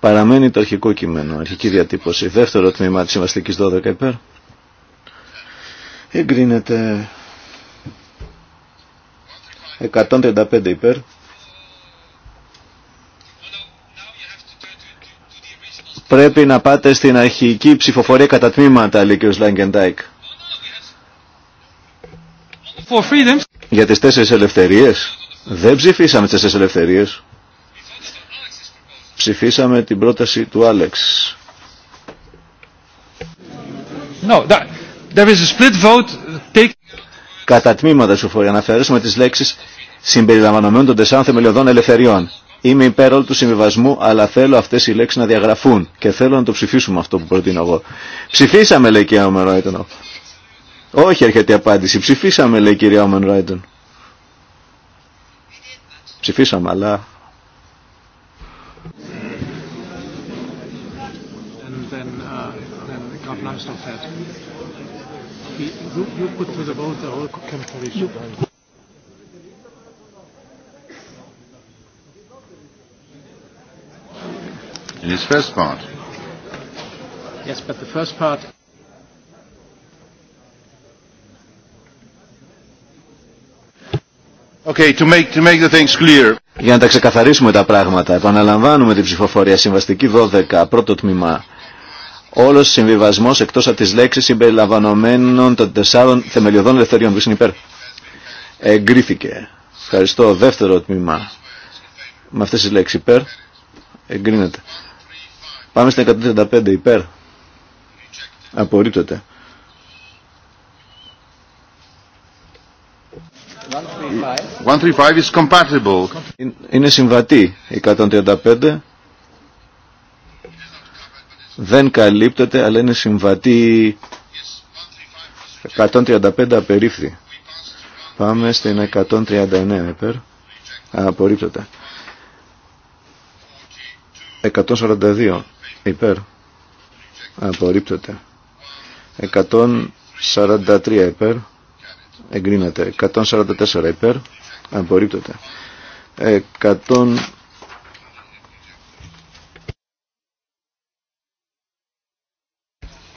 Παραμένει το αρχικό κείμενο, αρχική διατύπωση. Δεύτερο τμήμα της συμβαστικής 12 υπέρ. Εγκρίνεται 135 υπέρ. Πρέπει να πάτε στην αρχική ψηφοφορία κατά τμήματα, λέει ο Σλάγκεντάικ. Για τις τέσσερις ελευθερίες. Δεν ψηφίσαμε τις τέσσερις ελευθερίες ψηφίσαμε την πρόταση του Άλεξ. No, there is a split vote. Take... Κατά τμήματα σου φορεί αναφέρεσαι τις λέξεις συμπεριλαμβανομένων των τεσσάρων θεμελιωδών ελευθεριών. Είμαι υπέρ όλου του συμβιβασμού, αλλά θέλω αυτέ οι λέξει να διαγραφούν και θέλω να το ψηφίσουμε αυτό που προτείνω εγώ. Ψηφίσαμε, λέει η κυρία Όμεν Όχι, έρχεται η απάντηση. Ψηφίσαμε, λέει η κυρία Όμεν Ψηφίσαμε, αλλά it's not fair to me. You, you put to the vote the whole chemical issue. In his first part. Yes, but the first part Okay, to make, to make the things clear. Για να τα ξεκαθαρίσουμε τα πράγματα, επαναλαμβάνουμε την ψηφοφορία συμβαστική 12, πρώτο τμήμα Όλος ο συμβιβασμός εκτός από τις λέξεις συμπεριλαμβανομένων των τεσσάρων θεμελιωδών ελευθεριών. που είναι υπέρ. Εγκρίθηκε. Ευχαριστώ. Δεύτερο τμήμα. Με αυτές τις λέξεις υπέρ. Εγκρίνεται. Πάμε στα 135 υπέρ. Απορρίπτεται. is compatible. Είναι συμβατή η 135 δεν καλύπτεται αλλά είναι συμβατή 135 απερίφθη. Πάμε στην 139 υπέρ. Απορρίπτεται. 142 υπέρ. Απορρίπτεται. 143 υπέρ. Εγκρίνεται. 144 υπέρ. Απορρίπτεται.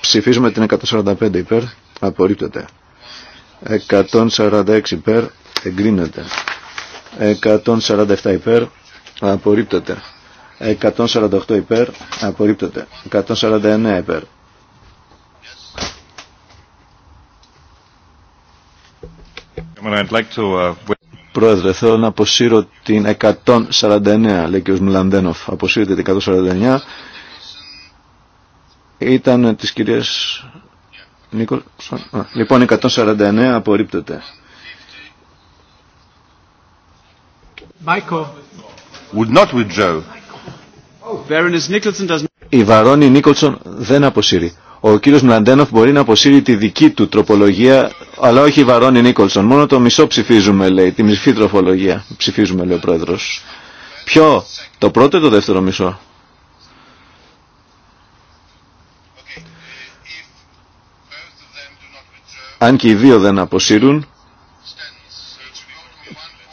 Ψηφίζουμε την 145 υπέρ. Απορρίπτεται. 146 υπέρ. Εγκρίνεται. 147 υπέρ. Απορρίπτεται. 148 υπέρ. Απορρίπτεται. 149 υπέρ. I'd like to... Uh, Πρόεδρε, θέλω να αποσύρω την 149, λέει και ο Μιλανδένοφ. Αποσύρεται την 149 ήταν της κυρίας Νίκολσον. Λοιπόν, 149 απορρίπτεται. Η Βαρόνι Νίκολσον δεν αποσύρει. Ο κύριος Μλαντένοφ μπορεί να αποσύρει τη δική του τροπολογία, αλλά όχι η Βαρόνι Νίκολσον. Μόνο το μισό ψηφίζουμε, λέει, τη μισή τροπολογία Ψηφίζουμε, λέει ο πρόεδρος. Ποιο, το πρώτο ή το δεύτερο μισό. αν και οι δύο δεν αποσύρουν,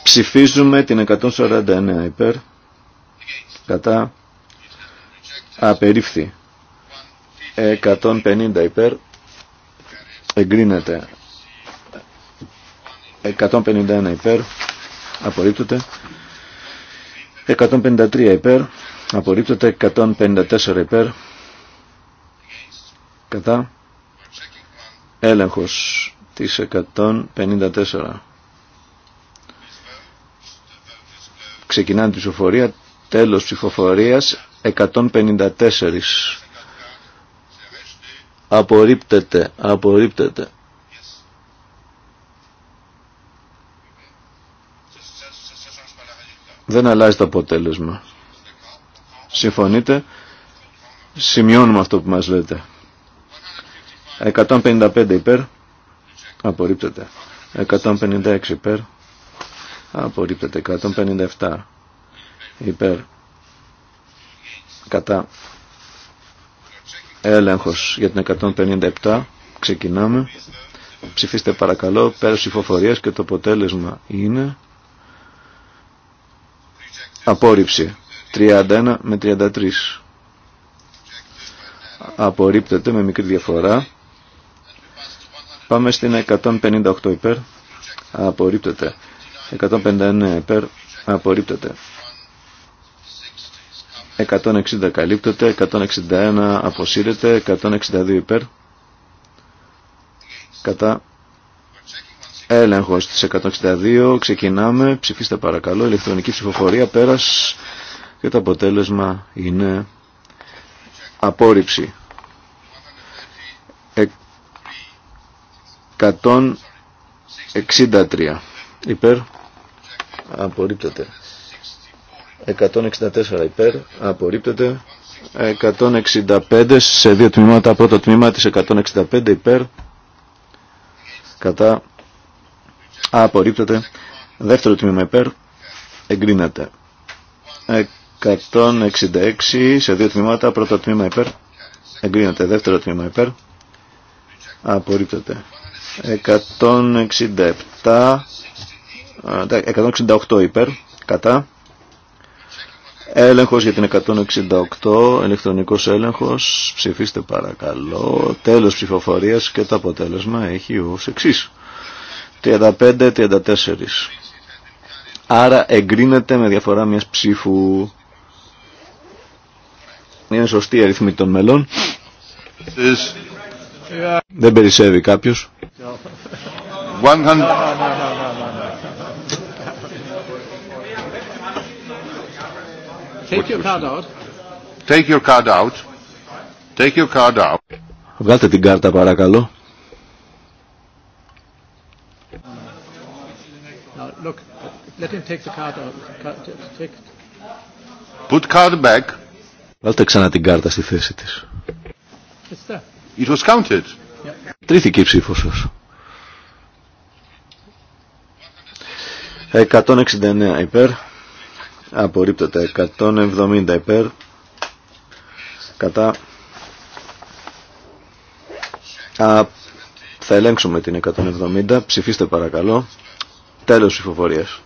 ψηφίζουμε την 149 υπέρ, κατά, απερίφθη, 150 υπέρ, εγκρίνεται, 151 υπέρ, απορρίπτωται 153 υπέρ, απορρίπτωται 154 υπέρ, κατά, έλεγχος της 154. Ξεκινάνε τη ψηφοφορία, τέλος ψηφοφορίας 154. Απορρίπτεται, απορρίπτεται. Δεν αλλάζει το αποτέλεσμα. Συμφωνείτε. Σημειώνουμε αυτό που μας λέτε. 155 υπέρ. Απορρίπτεται. 156 υπέρ. Απορρίπτεται. 157 υπέρ. Κατά. Έλεγχος για την 157. Ξεκινάμε. Ψηφίστε παρακαλώ. Πέρας ψηφοφορίας και το αποτέλεσμα είναι απόρριψη 31 με 33 απορρίπτεται με μικρή διαφορά Πάμε στην 158 υπέρ. Απορρίπτεται. 159 υπέρ. Απορρίπτεται. 160 καλύπτεται. 161 αποσύρεται. 162 υπέρ. Κατά έλεγχος της 162. Ξεκινάμε. Ψηφίστε παρακαλώ. Ηλεκτρονική ψηφοφορία. Πέρας. Και το αποτέλεσμα είναι απόρριψη. 163 υπέρ απορρίπτεται 164 υπέρ απορρίπτεται 165 σε δύο τμήματα πρώτο τμήμα της 165 υπέρ κατά απορρίπτεται δεύτερο τμήμα υπέρ εγκρίνεται 166 σε δύο τμήματα πρώτο τμήμα υπέρ εγκρίνεται δεύτερο τμήμα υπέρ απορρίπτεται 167 168 υπέρ κατά έλεγχος για την 168 ηλεκτρονικός έλεγχος ψηφίστε παρακαλώ τέλος ψηφοφορίας και το αποτέλεσμα έχει ως εξής 35-34 άρα εγκρίνεται με διαφορά μιας ψήφου είναι σωστή αριθμή των μελών δεν περισσεύει κάποιος One hundred. No, no, no, no, no, Take your card out. Take your card out. Take your card out. Βγάλτε την κάρτα παρακαλώ. Now look, let him take the card out. Take. Put card back. Βάλτε ξανά την κάρτα στη θέση της. It was counted. Τρίθηκε η ψήφο σας. 169 υπέρ. Απορρίπτεται. 170 υπέρ. Κατά. θα ελέγξουμε την 170. Ψηφίστε παρακαλώ. Τέλος ψηφοφορίας.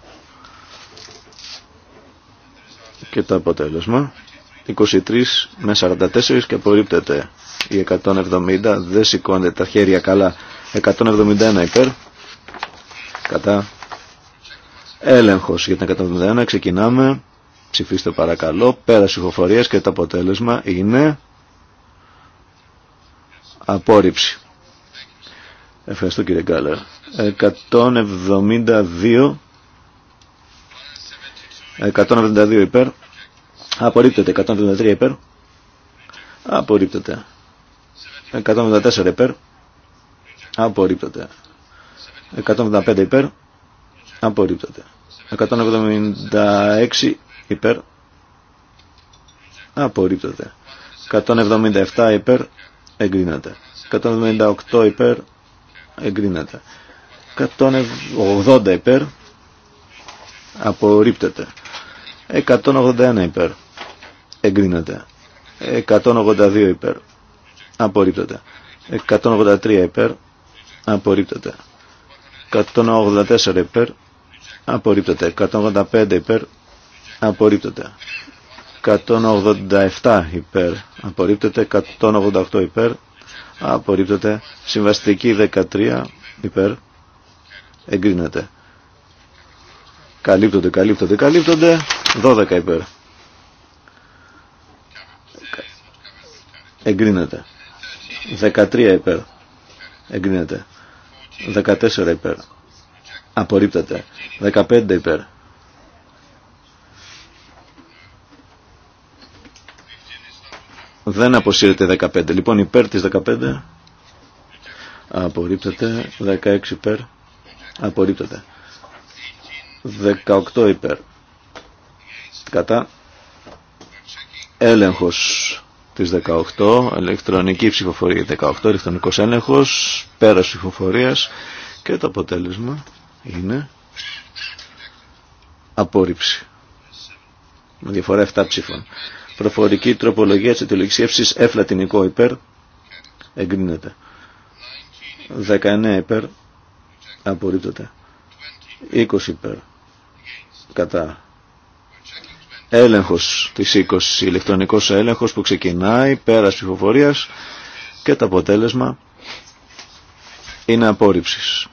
Και το αποτέλεσμα. 23 με 44 και απορρίπτεται η 170 δεν σηκώνεται τα χέρια καλά 171 υπέρ κατά έλεγχος για την 171 ξεκινάμε ψηφίστε παρακαλώ πέρα ψηφοφορίας και το αποτέλεσμα είναι απόρριψη ευχαριστώ κύριε Γκάλερ 172 172 υπέρ απορρίπτεται 173 υπέρ απορρίπτεται 174 υπέρ. Απορρίπτεται. 175 υπέρ. Απορρίπτεται. 176 υπέρ. Απορρίπτεται. 177 υπέρ. Εγκρίνεται. 178 υπέρ. Εγκρίνεται. 180 υπέρ. Απορρίπτεται. 181 υπέρ. Εγκρίνεται. 182 υπέρ απορρίπτεται. 183 υπέρ, απορρίπτεται. 184 υπέρ, απορρίπτεται. 185 υπέρ, απορρίπτεται. 187 υπέρ, απορρίπτεται. 188 υπέρ, απορρίπτεται. Συμβαστική 13 υπέρ, εγκρίνεται. Καλύπτονται, καλύπτονται, καλύπτονται. 12 υπέρ. Εγκρίνεται. 13 υπέρ. Εγκρίνεται. 14 υπέρ. Απορρίπτεται. 15 υπέρ. Δεν αποσύρεται 15. Λοιπόν υπέρ της 15. Απορρίπτεται. 16 υπέρ. Απορρίπτεται. 18 υπέρ. Κατά. Έλεγχος της 18, ηλεκτρονική ψηφοφορία 18, ηλεκτρονικός έλεγχος, πέρας ψηφοφορίας και το αποτέλεσμα είναι απόρριψη. Με διαφορά 7 ψήφων. Προφορική τροπολογία της αιτιολογικής εφλατινικό υπέρ εγκρίνεται. 19 υπέρ απορρίπτονται. 20 υπέρ κατά Έλεγχος της 20, ηλεκτρονικός έλεγχος που ξεκινάει, πέρα ψηφοφορίας και το αποτέλεσμα είναι απόρριψης.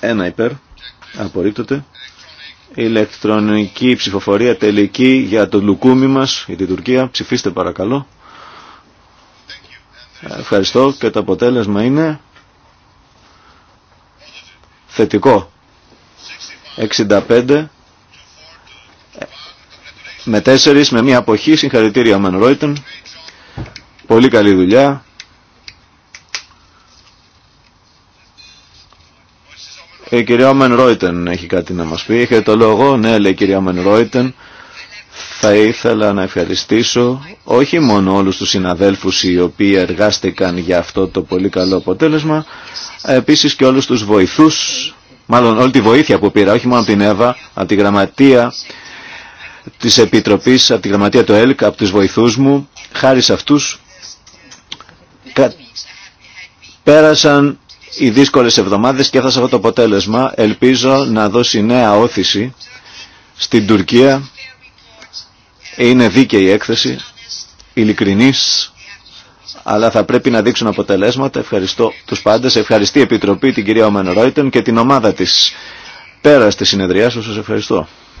Ένα υπέρ, η Ηλεκτρονική ψηφοφορία τελική για το λουκούμι μας, για την Τουρκία. Ψηφίστε παρακαλώ. Ευχαριστώ και το αποτέλεσμα είναι θετικό. 65 με 4 με μία αποχή. Συγχαρητήρια Μεν Ρόιτεν. Πολύ καλή δουλειά. Η ε, κυρία Μεν Ρόιτεν έχει κάτι να μας πει. Είχε το λόγο. Ναι, λέει η κυρία Μεν Ρόιτεν. Θα ήθελα να ευχαριστήσω όχι μόνο όλους τους συναδέλφους οι οποίοι εργάστηκαν για αυτό το πολύ καλό αποτέλεσμα, ε, επίσης και όλους τους βοηθούς μάλλον όλη τη βοήθεια που πήρα, όχι μόνο από την ΕΒΑ, από τη γραμματεία της Επιτροπής, από τη γραμματεία του ΕΛΚ, από τους βοηθούς μου. Χάρη σε αυτούς πέρασαν οι δύσκολες εβδομάδες και έφτασα αυτό το αποτέλεσμα. Ελπίζω να δώσει νέα όθηση στην Τουρκία. Είναι δίκαιη η έκθεση, ειλικρινής, αλλά θα πρέπει να δείξουν αποτελέσματα. Ευχαριστώ τους πάντες, ευχαριστεί η Επιτροπή, την κυρία Ομεν και την ομάδα της. Πέρα στη συνεδριά σα σας ευχαριστώ.